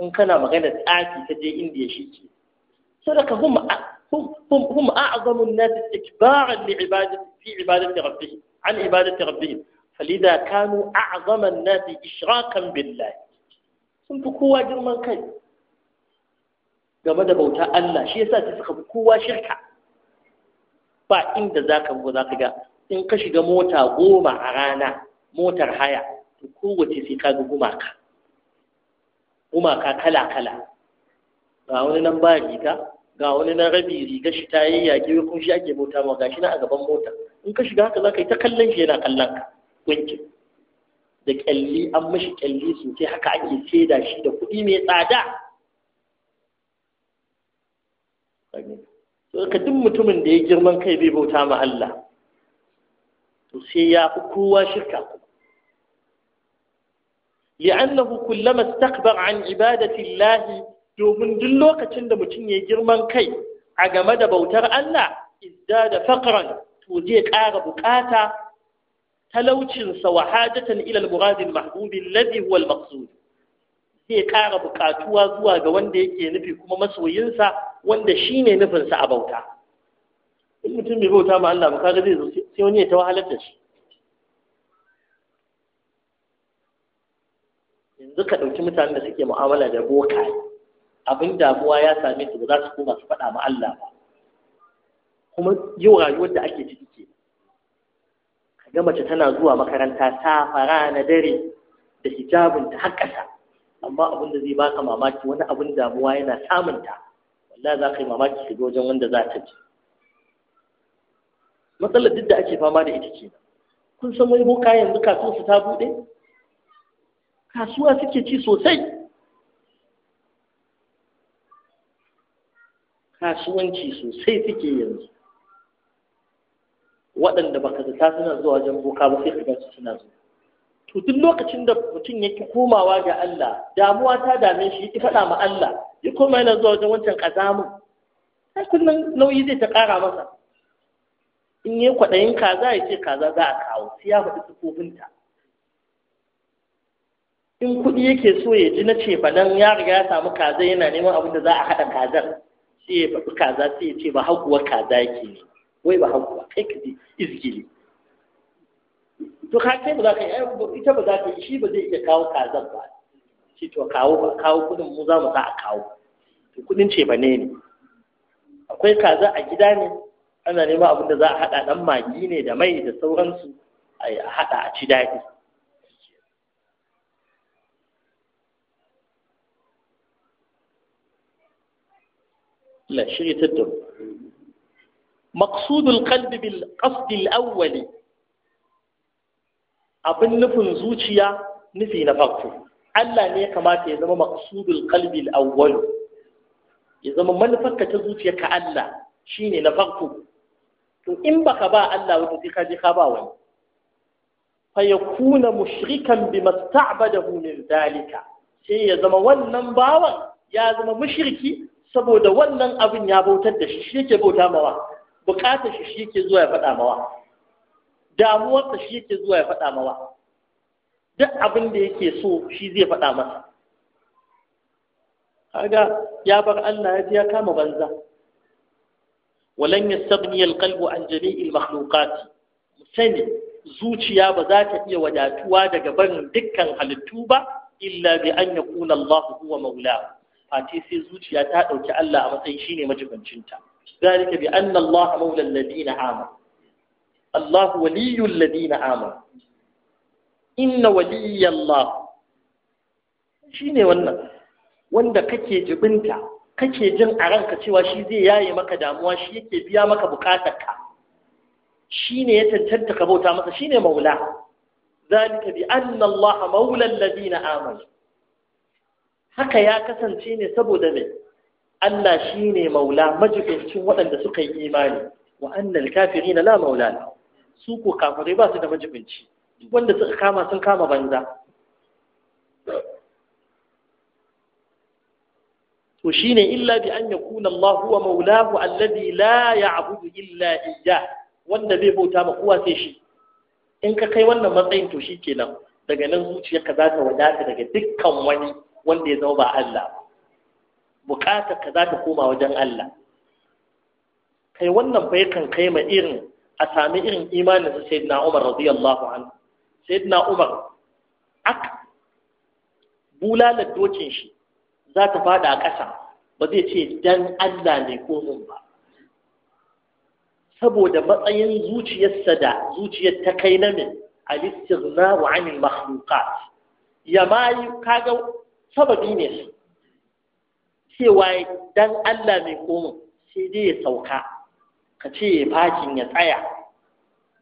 in kana magana tsafi ta je indiya shi ke sadaka hum hum a'zamu an-nas istikbaran li ibadati fi da rabbi. an ibadati rabbihim falida kanu a'zama an-nas ishrakan billah sun fi kowa girman kai game da bauta Allah shi yasa sai suka fi kowa shirka ba inda zaka go ka ga in ka shiga mota goma a rana motar haya to kowace sai ka ga gumaka gumaka kala kala ga wani nan ba riga ga wani nan rabi riga shi ta yi yaƙi kun shi ake mota ma ga shi na a gaban mota in ka shiga haka za ka yi ta kallon shi yana kallon ka wankin da kyalli an mashi kyalli sosai haka ake saida shi da kuɗi mai tsada to ka duk mutumin da ya girman kai bai bauta ma Allah to sai ya fi kowa shirka li'annahu kullama istakbar an ibadati Allah domin duk lokacin da mutum ya girman kai a game da bautar Allah idda da faqran to zai ƙara bukata talaucinsa wa hajatan ila al-murad al-mahbub alladhi zai ƙara bukatuwa zuwa ga wanda yake nufi kuma masoyinsa wanda shine nufinsa a bauta in mutum bai bauta ma Allah ba kaga zai zo sai wani ya ta wahalar da shi yanzu ka ɗauki mutanen da suke mu'amala da boka abin damuwa ya same su ba za su koma su faɗa ma Allah ba kuma yi wa rayuwar da ake ciki ke ga mace tana zuwa makaranta ta fara na dare da hijabinta har ƙasa amma abin da zai baka mamaki wani abin damuwa yana samunta wallahi za ka yi mamaki shiga wajen wanda za ta ji matsalar duk da ake fama da ita ce kun san wani boka yanzu kasuwar su ta buɗe kasuwa suke ci sosai kasuwanci sosai suke yanzu waɗanda baka zata suna zuwa wajen boka ba sai ka su suna zuwa to duk lokacin da mutum yake komawa ga Allah damuwa ta dame shi ki faɗa ma Allah ya koma yana zuwa wajen wancan kazamin sai kullum nauyi zai ta ƙara masa in yi kwaɗayin kaza ya ce kaza za a kawo sai ya faɗi sufofinta in kuɗi yake so ya ji na ce fanan ya riga ya samu kaza yana neman abin da za a haɗa kazar sai ya faɗi kaza sai ya ce ba haguwar kaza yake ne wai ba haguwa kai ka je izgili to ka kai ba za ka yi ita ba za ka yi shi ba zai iya kawo kazar ba shi to kawo ba kawo kuɗin mu za mu sa a kawo to kuɗin ce ba ne ne akwai kaza a gida ne ana neman abin da za a haɗa ɗan magi ne da mai da sauransu a haɗa a ci daɗi la shirya da maqsudul qalbi abin nufin zuciya nufi na farko Allah ne ya kamata ya zama maqsudul qalbi al awwal ya zama manufarka ta zuciya ka Allah shine na farko to in baka ba Allah wato sai ka ba wani fa yakuna mushrikan bima sta'badahu min zalika sai ya zama wannan bawan ya zama mushriki saboda wannan abin ya bautar da shi shi yake bauta mawa bukatar shi shi yake zuwa ya faɗa mawa damuwarsa shi yake zuwa ya faɗa mawa duk abin da yake so shi zai faɗa masa kaga ya bar Allah ya ya kama banza walan yastabni alqalbu an jami'il almakhluqat sani zuciya ba za ta iya wadatuwa daga barin dukkan halittu ba illa bi an yakuna Allah huwa maula Fati sai zuciya ta ɗauki Allah a matsayin shine majibancinta zalika bi anna Allah maula alladina amanu Allah waliyul ladina amanu inna waliyya Allah ne wannan wanda kake jibinta kake jin a ranka cewa shi zai yaye maka damuwa shi yake biya maka bukatarka ne ya tantanta ka bauta masa shi ne maula zalika bi anna Allah maula alladina amanu haka ya kasance ne saboda mai Allah shi ne maula majibincin waɗanda suka yi imani wa annal na la maula su ko kafirai ba su da majibinci duk wanda suka kama sun kama banza to shine illa bi an kuna Allah huwa maulahu alladhi la ya'budu illa iyyah wanda bai bauta ba kowa sai shi in ka kai wannan matsayin to shikenan daga nan zuciyarka za ta wadata daga dukkan wani wanda ya zama ba Allah ba bukatar ka za ta koma wajen Allah kai wannan fa yakan kai ma irin a sami irin imanin sa sayyidina Umar radiyallahu anhu Umar ak bulalar dokin shi za ta fada a ƙasa ba zai ce dan Allah ne ko mun ba saboda matsayin zuciyarsa da zuciyar ta kai na min al-istighna wa 'anil makhluqat ya ma kaga sababi ne su cewa dan Allah mai komo sai dai ya sauka ka ce ya fakin ya tsaya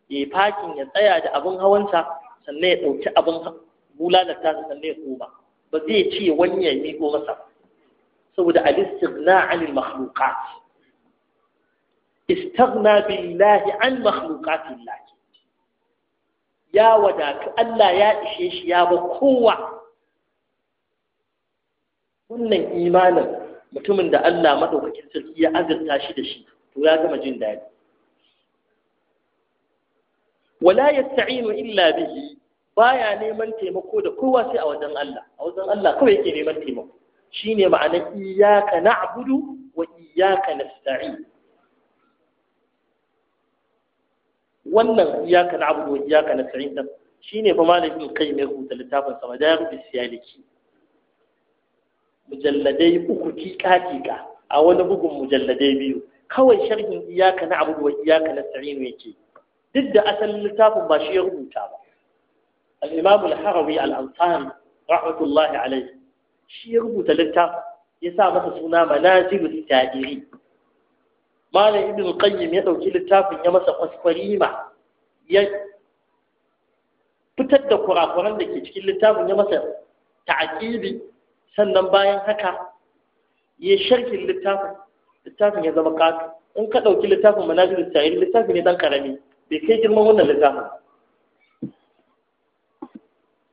ya fakin ya tsaya da abin hawansa sannan ya ɗauki abin ta sannan ya koma ba zai ce wani ya miƙo masa saboda al-istighna Istar na istaghna billahi an makhluqatillah ya wadatu Allah ya ishe shi ya ba kowa wannan imanin mutumin da Allah madaukakin sarki ya azurta shi da shi to ya gama jin daɗi wala yasta'inu illa bihi baya neman taimako da kowa sai a wajen Allah a wajen Allah kawai yake neman taimako shine ma'ana iyyaka na'budu wa iyyaka nasta'in wannan iyyaka na'budu wa iyyaka nasta'in shine fa malamin kai mai rubuta littafin sama da rubuta siyaliki mujalladai uku tika-tika a wani bugun mujalladai biyu kawai sharhin iyaka na abubuwa iyaka na tsarinu yake duk da asalin littafin ba shi ya rubuta ba al al-harawi al ansar rahmatullahi alaihi shi ya rubuta littafin ya sa masa suna manazilu tadiri malam ibn qayyim ya dauki littafin ya masa kwaskwarima ya fitar da kurakuran da ke cikin littafin ya masa ta'aqibi sannan bayan haka ya sharhin littafin littafin ya zama ƙato in ka ɗauki littafin manazir sa'id littafi ne ɗan ƙarami bai kai girman wannan littafin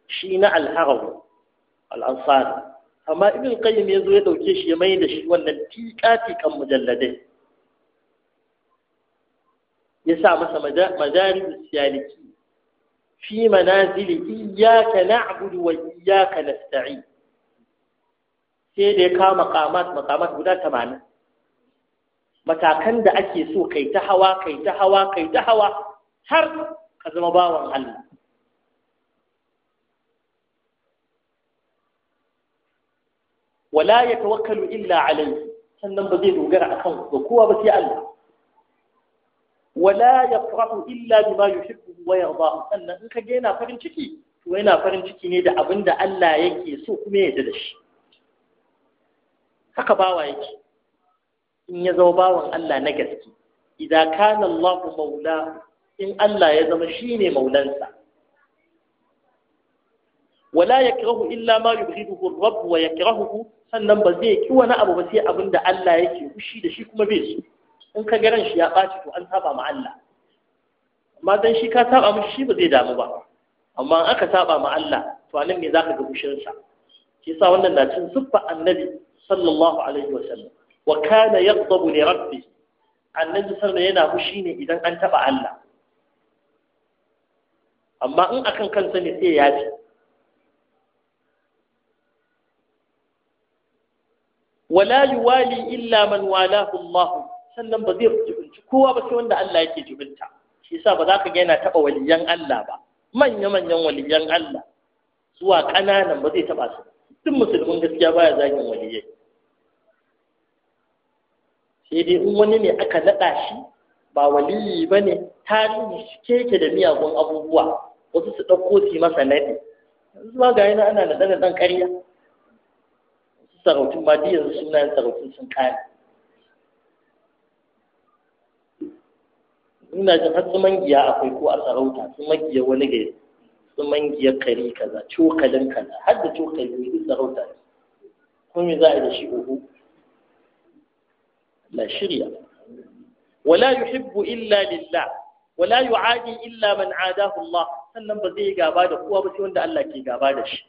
shi na alharawi al'ansari amma ibn qayyim ya zo ya ɗauke shi ya mai da shi wannan tiƙa-tiƙan mujalladai ya sa masa majalis siyaliki fi manazili iyyaka na'budu wa iyyaka nasta'in sai dai ya kawo makamat makamat guda tamanin matakan da ake so kai ta hawa kai ta hawa kai ta hawa har ka zama bawan Allah wala ya tawakkalu illa alayhi sannan ba zai dogara akan ba kowa ba sai Allah wala yafrahu illa bima yuhibbu wa yarda sannan in ka ga yana farin ciki to yana farin ciki ne da abinda Allah yake so kuma ya yarda da shi haka bawa yake in ya zama bawan Allah na gaske idza kana Allahu maula in Allah ya zama shine maulansa wala yakrahu illa ma yubghiduhu ar-rabb wa yakrahuhu sannan ba zai ki wani abu ba sai abinda Allah yake kushi da shi kuma bai so in ka garan shi ya baci to an saba ma Allah amma dan shi ka saba mishi shi ba zai damu ba amma in aka saba ma Allah to anan me zaka ga kushin sa shi yasa wannan na cin siffa annabi sallallahu alaihi wasallam wa kana yaghdabu li rabbi annabi sallallahu yana fushi ne idan an taba Allah amma in akan kansa ne sai ya ji wala yuwali illa man walahu Allah sannan ba zai jibinci kowa ba sai wanda Allah yake jibinta shi yasa ba za ka ga yana taba waliyan Allah ba manya manyan waliyan Allah zuwa ƙananan ba zai taba su duk musulmin gaskiya baya zagin waliyai sai dai in wani ne aka naɗa shi ba waliyi ba ne tarihi keke da miyagun abubuwa wasu su ɗauko su yi masa naɗi yanzu ma ga yana ana naɗe naɗen ƙarya su sarautun ma duk yanzu sunayen sarautun sun ƙare ina jin har su mangiya akwai ko a sarauta su mangiya wani gari su mangiyar kare kaza cokalin kaza har da cokali ne duk sarauta ne Kun yi za a yi da shi uku la shirya wala yuhibbu illa lillah wala yu'adi illa man adahu Allah sannan ba zai gaba da kowa ba sai wanda Allah ke gaba da shi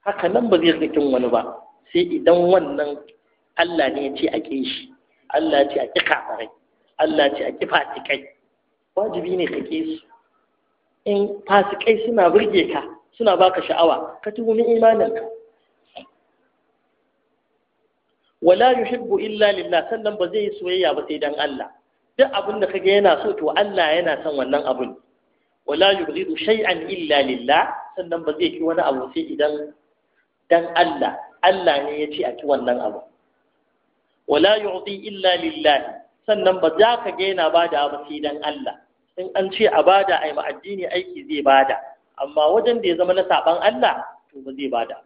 haka nan ba zai rikin wani ba sai idan wannan Allah ne ya ce a ƙi shi Allah ya ce a ƙi kafarai Allah ya ce a ƙi fatikai wajibi ne ka ƙi su in fasikai suna burge ka suna baka sha'awa ka tuhumi imaninka wala yuhibbu illa lillah sannan ba zai yi soyayya ba sai dan Allah duk abin da kage yana so to Allah yana son wannan abun wala yuridu shay'an illa lillah sannan ba zai ki wani abu sai idan dan Allah Allah ne ya ce a ki wannan abu wala yu'ti illa lillah sannan ba za ka ga yana bada ba sai dan Allah in an ce a bada ai addini aiki zai bada amma wajen da ya zama na saban Allah to ba zai bada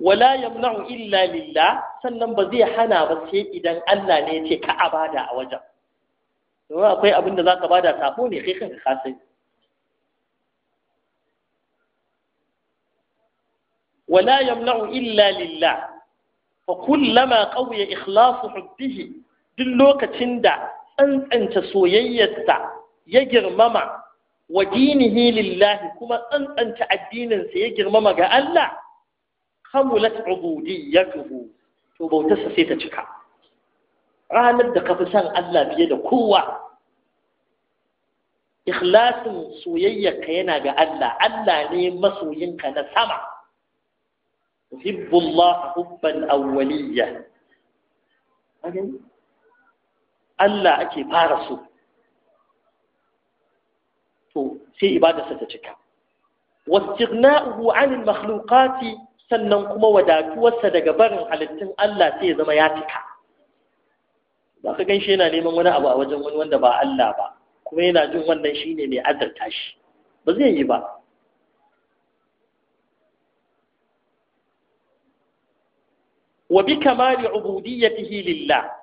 wala yamna'u illa lillah sannan ba zai hana ba sai idan Allah ne ya ce ka a bada a wajen domin akwai abin da zaka bada sabo ne kai kanka ka sani ولا يمنع إلا لله فكلما قوي إخلاص حبه duk lokacin da tsantsanta soyayyarsa ya girmama wa dinihi lillahi kuma tsantsanta addininsa ya girmama ga Allah kamulat ubudiyyatuhu to bautarsa sai ta cika ranar da ka fi san Allah fiye da kowa ikhlasin soyayyarka yana ga Allah Allah ne masoyinka na sama tuhibbullah hubban awwaliyya Allah ake fara so to sai ibadarsa ta cika wastighna'uhu 'anil makhluqati sannan kuma wadatuwarsa daga barin halittun Allah sai ya zama ya cika ba ka ganshi yana neman wani abu a wajen wani wanda ba Allah ba kuma yana jin wannan shine mai azarta shi ba zai yi ba wa bi kamali ubudiyyatihi lillah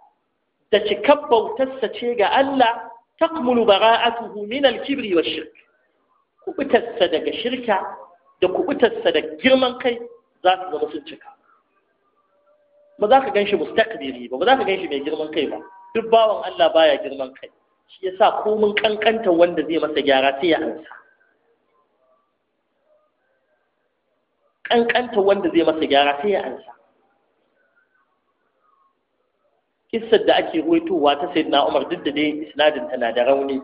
da cikar bautarsa ce ga Allah takmulu bara'atuhu min al-kibri wa shirk kubutarsa daga shirka da kubutarsa da girman kai za su zama sun cika ba za ka ganshi mustakbiri ba ba za ka ganshi mai girman kai ba duk bawan Allah baya girman kai shi yasa komin kankanta wanda zai masa gyara sai ya ansa kankanta wanda zai masa gyara sai ya ansa kissar da ake ruwaitowa ta sayyidina Umar duk da dai isnadin tana da rauni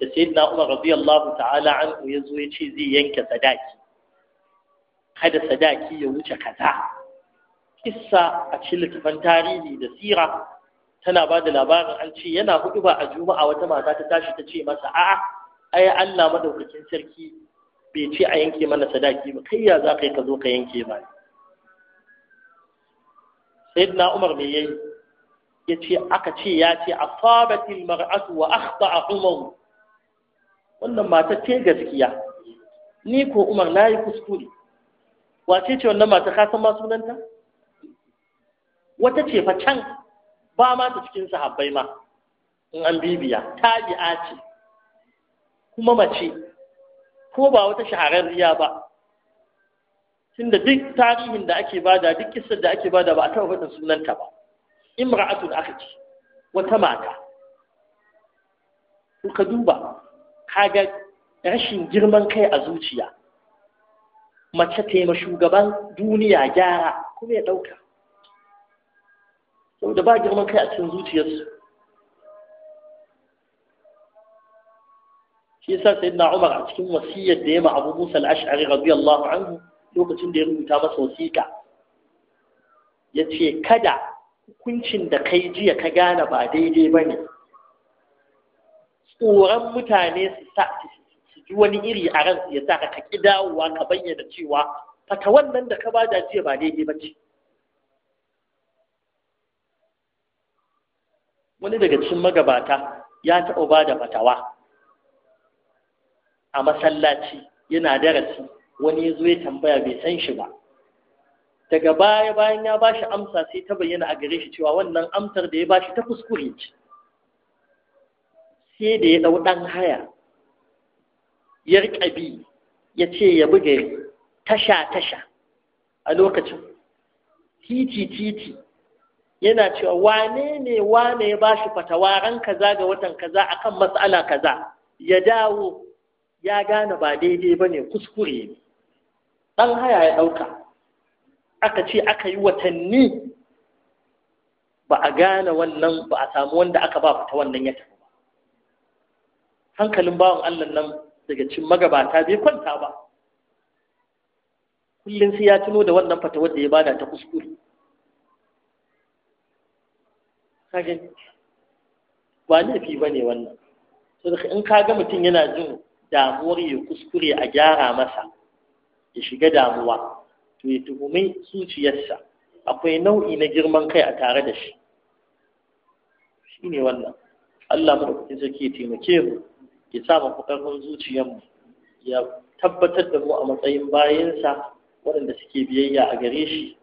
da sayyidina Umar radiyallahu ta'ala an ya zo ya ce zai yanke sadaki kada sadaki ya wuce kaza kissa a cikin littafin tarihi da sira tana ba da labarin an ce yana hudu ba a juma'a wata mata ta tashi ta ce masa a'a ai Allah madaukakin sarki bai ce a yanke mana sadaki ba kai ya za ka yi ka zo ka yanke ba sayyidina Umar me yayi yace aka ce ya ce asabatil mar'atu wa akhta'a umar wannan mata ce gaskiya ni ko umar nayi kuskure wace ce wannan mata ka san ma sunanta wata ce fa can ba ma ta cikin sahabbai ma in an bibiya tabi'a ce kuma mace ko ba wata shahararriya ba tunda duk tarihin da ake bada duk kissar da ake bada ba a taɓa faɗin sunanta ba imra'atun aka ce wata mata in ka duba kaga rashin girman kai a zuciya mace ta shugaban duniya gyara kuma ya ɗauka saboda ba girman kai a cikin zuciyarsu shi yasa sai na umar a cikin wasiyar da ya ma abu musa al'ashari radiyallahu anhu lokacin da ya rubuta masa wasiƙa ya ce kada hukuncin da kai jiya ka gane ba daidai ba ne tsoron mutane su ji wani iri a ran ya sa ka ƙi dawowa ka bayyana cewa fata wannan da ka bada jiya ba daidai ba ce wani daga cikin magabata ya taɓa ba da fatawa a masallaci yana darasi wani ya zo ya tambaya bai san shi ba daga baya bayan ya bashi amsa sai ta bayyana a gare shi cewa wannan amsar da ya bashi ta kuskure ce sai da ya dau dan haya ya rika bi ya ce ya buga tasha tasha a lokacin titi titi yana cewa wane ne wane ya bashi fatawaran kaza ga watan kaza akan matsala kaza ya dawo ya gane ba daidai bane kuskure ne dan haya ya dauka aka ce aka yi watanni ba a gane wannan ba a samu wanda aka ba fita wannan ya tafi ba hankalin bawan Allah nan daga cin magabata bai kwanta ba kullum sai ya tuno da wannan fata wadda ya bada ta kuskure kage ba laifi ba ne wannan so in ka ga mutum yana jin damuwar ya kuskure a gyara masa ya shiga damuwa to ya tuhumi zuciyarsa akwai nau'i na girman kai a tare da shi shi ne wannan Allah maɗaukakin sarki ya taimake mu ya sa mu ƙarfin zuciyarmu ya tabbatar da mu a matsayin bayansa waɗanda suke biyayya a gare shi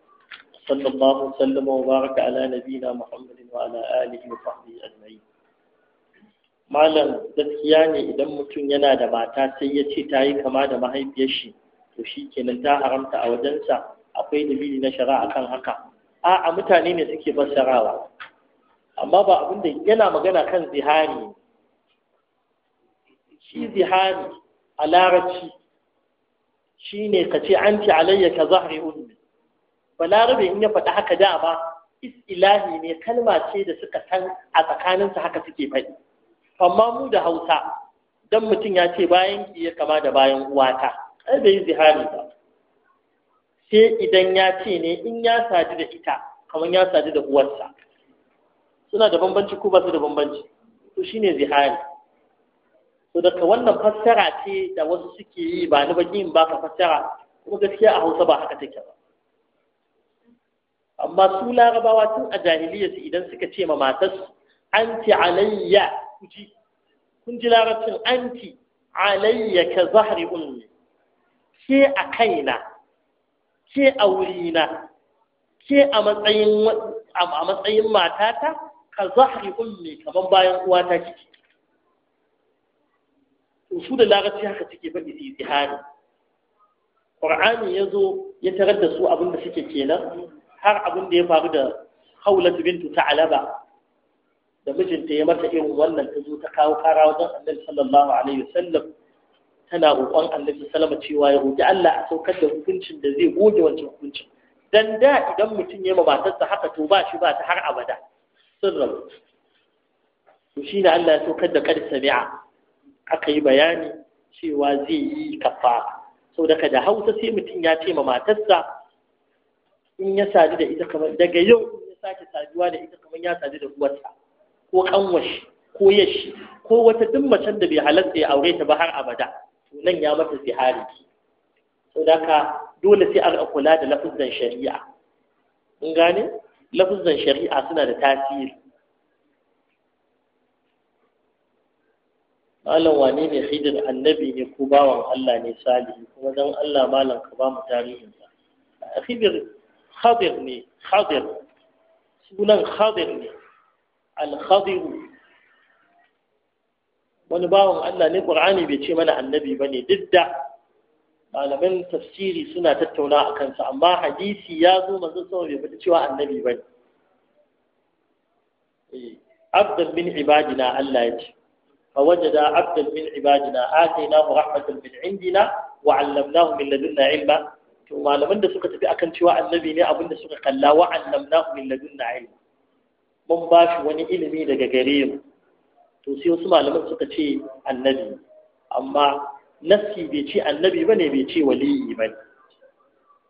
sallallahu sallama wa baraka ala nabina muhammadin wa ala alihi wa sahbihi ajma'in malam gaskiya ne idan mutum yana da mata sai ya ce ta yi kama da mahaifiyar shi to shi kenan ta haramta a wajensa akwai dalili na shari'a kan haka a'a mutane ne suke fassarawa amma ba abin yana magana kan zihari shi zihari a larabci shi ne ka ce an ci alayya ka zahri ba larabe in ya faɗi haka da ba isilahi ne kalma ce da suka san a tsakaninsa haka suke faɗi amma mu da hausa dan mutum ya ce bayan ki ya kama da bayan uwata ai bai yi zihari ba sai idan ya ce ne in ya sadu da ita kamar ya sadu da uwarsa suna da bambanci ko ba su da bambanci to ne zihari to daga wannan fassara ce da wasu suke yi ba ni bakin ba ka fassara kuma gaskiya a Hausa ba haka take ba amma su larabawa tun a jahiliya su idan suka ce ma matarsu anti alayya kuji kun ji larabcin anti alayya ka zahri ummi ce a kaina ce a wurina ce a matsayin matata ka matata ka yi ummi kaman bayan uwata kike su da larabci haka take faɗi su tsihari qur'ani ya zo ya tarar da su abinda da suke kenan har abinda ya faru da haulat bintu alaba da mijinta ya mata irin wannan ta zo ta kawo kara wajen annabi sallallahu alaihi wasallam tana roƙon annabi salama cewa ya roƙi Allah a saukar da hukuncin da zai goge wancan hukuncin dan da idan mutum ya ma matarsa haka to ba shi ba ta har abada sun rabu to ne Allah ya saukar da kad sami'a aka yi bayani cewa zai yi kafa. saboda da Hausa sai mutum ya ce ma matarsa in ya sadu da ita kamar daga yau in ya sake saduwa da ita kamar ya sadu da uwarsa ko kanwashi ko yashi ko wata duk macen da bai halatta ya aure ta ba har abada nan ya mata zihari ka, dole sai a kula da lafuzan shari'a mun gane lafuzan shari'a suna da tasiri malam wane ne hidin annabi ne ko bawan Allah ne salihi kuma dan Allah malam ka ba mu tarihin sa khidir khadir ne khadir sunan khadir ne al khadir wani bawan Allah ne Qur'ani bai ce mana annabi bane duk da malaman tafsiri suna tattauna a kansa amma hadisi ya zo manzo sama bai faɗi cewa annabi bane eh, abdan min ibadina Allah ya ce فوجد عبدا من عبادنا آتيناه رحمة من عندنا وعلمناه من لدنا علما to malaman da suka tafi akan cewa annabi ne abin da suka kalla wa annamnahu min ladunna mun ba wani ilimi daga garemu to sai wasu malaman suka ce annabi amma nassi bai ce annabi ba ne bai ce waliyi ba ne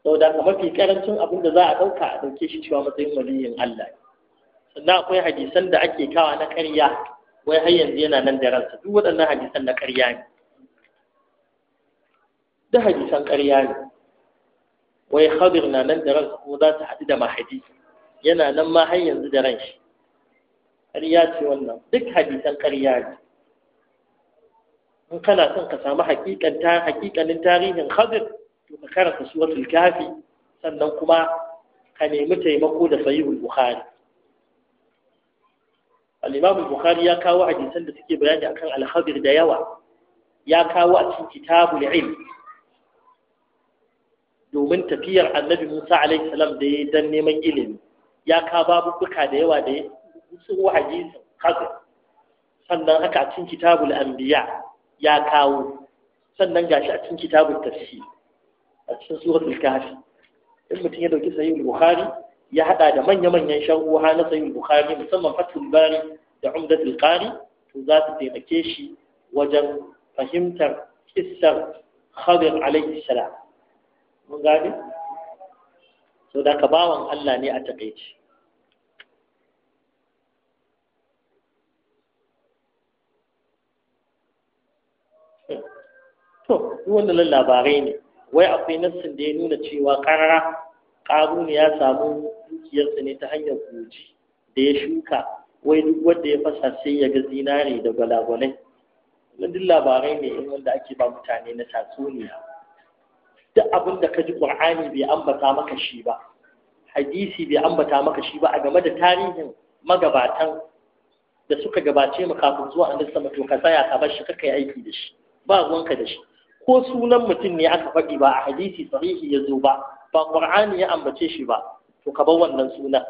saboda haka mafi karancin abin da za a ɗauka a ɗauke shi cewa matsayin waliyin Allah sannan akwai hadisan da ake kawa na ƙarya wai har yanzu yana nan da ransa duk waɗannan hadisan na ƙarya ne duk hadisan ƙarya ne wai khadir na nan da ransa kuma za su haɗu da mahadi yana nan ma har yanzu da ran shi ƙarya ce wannan duk hadisan ƙarya ne in kana son ka samu hakikanin tarihin khadir to ka karanta suratul kafi sannan kuma ka nemi taimako da sahihul bukhari al bukhari ya kawo hadisan da suke bayani akan al-khadir da yawa ya kawo a cikin kitabul ilm domin tafiyar annabi Musa alaihi salam da ya dan neman ilimi ya ka babu da yawa da su hadisin haka sannan haka a cikin kitabul anbiya ya kawo sannan gashi a cikin kitabul tafsir a cikin suratul kafi in mutum ya dauki sahihul bukhari ya hada da manya-manyan sharhuha na sahihul bukhari musamman fathul bari da umdatul qari to za su taimake shi wajen fahimtar kissar khadir alaihi salam mun gane so da ka bawan Allah ne a takeici to wannan labarai ne wai akwai nassin da ya nuna cewa karara ƙaruni ya samu dukiyarsa ne ta hanyar goji da ya shuka wai duk wanda ya fasa sai ya ga zinare da gwalagwalai na duk labarai ne in wanda ake ba mutane na tatsuniya duk abin da ka ji ƙur'ani bai ambata maka shi ba hadisi bai ambata maka shi ba a game da tarihin magabatan da suka gabace mu kafin zuwa annabi sama to ka tsaya ka bar shi kaka aiki da shi ba ruwanka da shi ko sunan mutum ne aka faɗi ba a hadisi sahihi ya zo ba ba qur'ani ya ambace shi ba to ka bar wannan sunan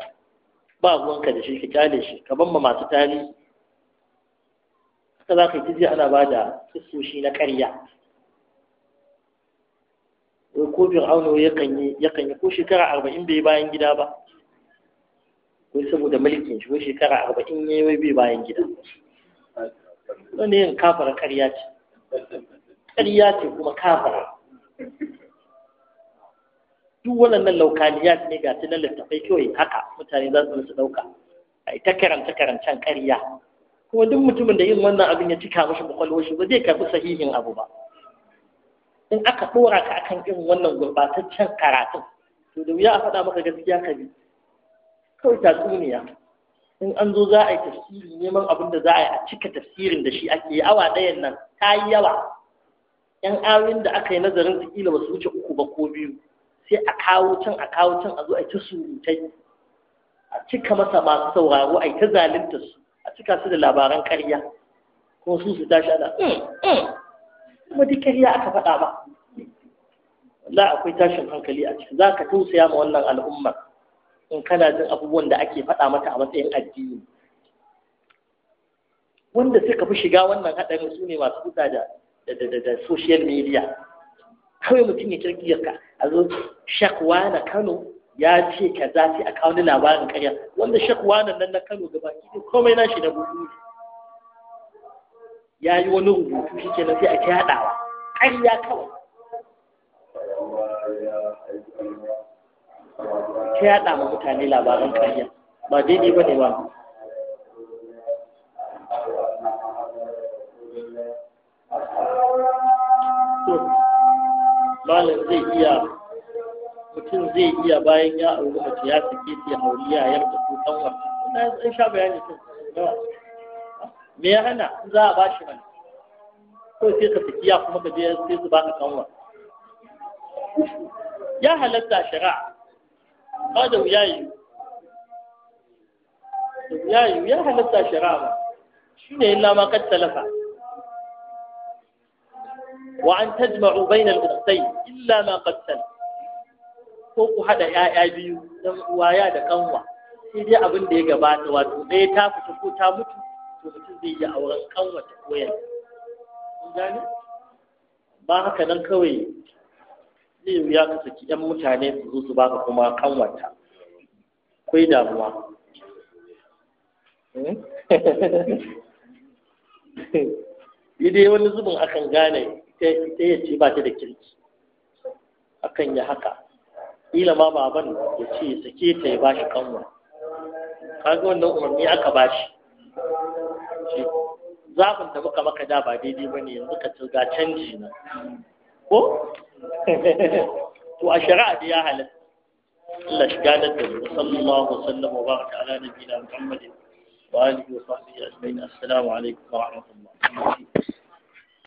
ba ruwanka da shi ka kyale shi ka bar ma masu tarihi ka za ka ji ana ba da kissoshi na ƙarya ko fir'auna ya yi yakan yi ko shekara arba'in bai bayan gida ba ko saboda mulkin shi ko shekara arba'in ya yi bai bayan gida wani yin kafar karya ce ƙarya ce kuma kafara duk waɗannan laukaniyat ne ga su na littafai kawai haka mutane za su su ɗauka a ita karanta karancen ƙarya kuma duk mutumin da yin wannan abin ya cika mashi kwakwalwar shi ba zai karɓi sahihin abu ba in aka ɗora ka akan irin wannan gurɓataccen karatun to da wuya a faɗa maka gaskiya ka bi kawai tatsuniya in an zo za a yi tafsiri neman abin da za a yi a cika tafsirin da shi ake yi awa ɗayan nan ta yi yawa yan ayoyin da aka yi nazarin da ƙila ba su wuce uku ba ko biyu sai a kawo can a kawo can a zo a ta surutai a cika masa masu sauraro a ta zalunta su a cika su da labaran karya kuma su su tashi ana mm, mm, kuma duk karya aka faɗa ba la akwai tashin hankali a ciki za ka tausaya ma wannan al'ummar in kana jin abubuwan da ake faɗa mata a matsayin addini wanda suka fi shiga wannan haɗarin su ne masu kuɗa da da social media kawai mutum ya ka a zo shakwa na kano ya ce ka zafi a kawo labarin karya wanda shakwa na nan na kano gaba ne komai nashi da buku ne ya yi wani rubutu shi ke na sai a ta yaɗawa ƙarya kawai ta yaɗa ma mutane labarin karya ba daidai ba ne ba malin zai iya mutum zai iya bayan ya auri mace ya sake ta ya auri yayar da ko wa na an sha bayani yawa? me ya hana in za a ba shi mana ko sai ka saki ya kuma ka je sai su ka kanwa. ya halatta shari'a ba da wuya yi da wuya yi ya halatta shari'a ba shi ne yin lamakar talafa وأن تجمعوا بين الأختين إلا ما قد سن فوق هذا يا أبي ويا دكانوا إذا أبن دي جبان واتو إيتا فتفو تامت ومتن زي يأورن كانوا تكوين gane ba haka كوي kawai zai wuya ka saki ‘yan mutane su zo su baka kuma kanwata akwai damuwa idai wani zubin akan gane ta yace ce ba ta da kirki akan ya haka ila ma baban ya ce ta sake ta ya bashi kanwa kaga wannan umarni aka bashi zafin da muka maka da ba daidai ba ne yanzu ka ga canji na ko *laughs* to a shari'a da ya halatta Allah shi ganar da mu sallallahu alaihi wasallam wa baraka ala nabiyina Muhammadin wa alihi wa sahbihi ajma'in assalamu alaikum wa rahmatullahi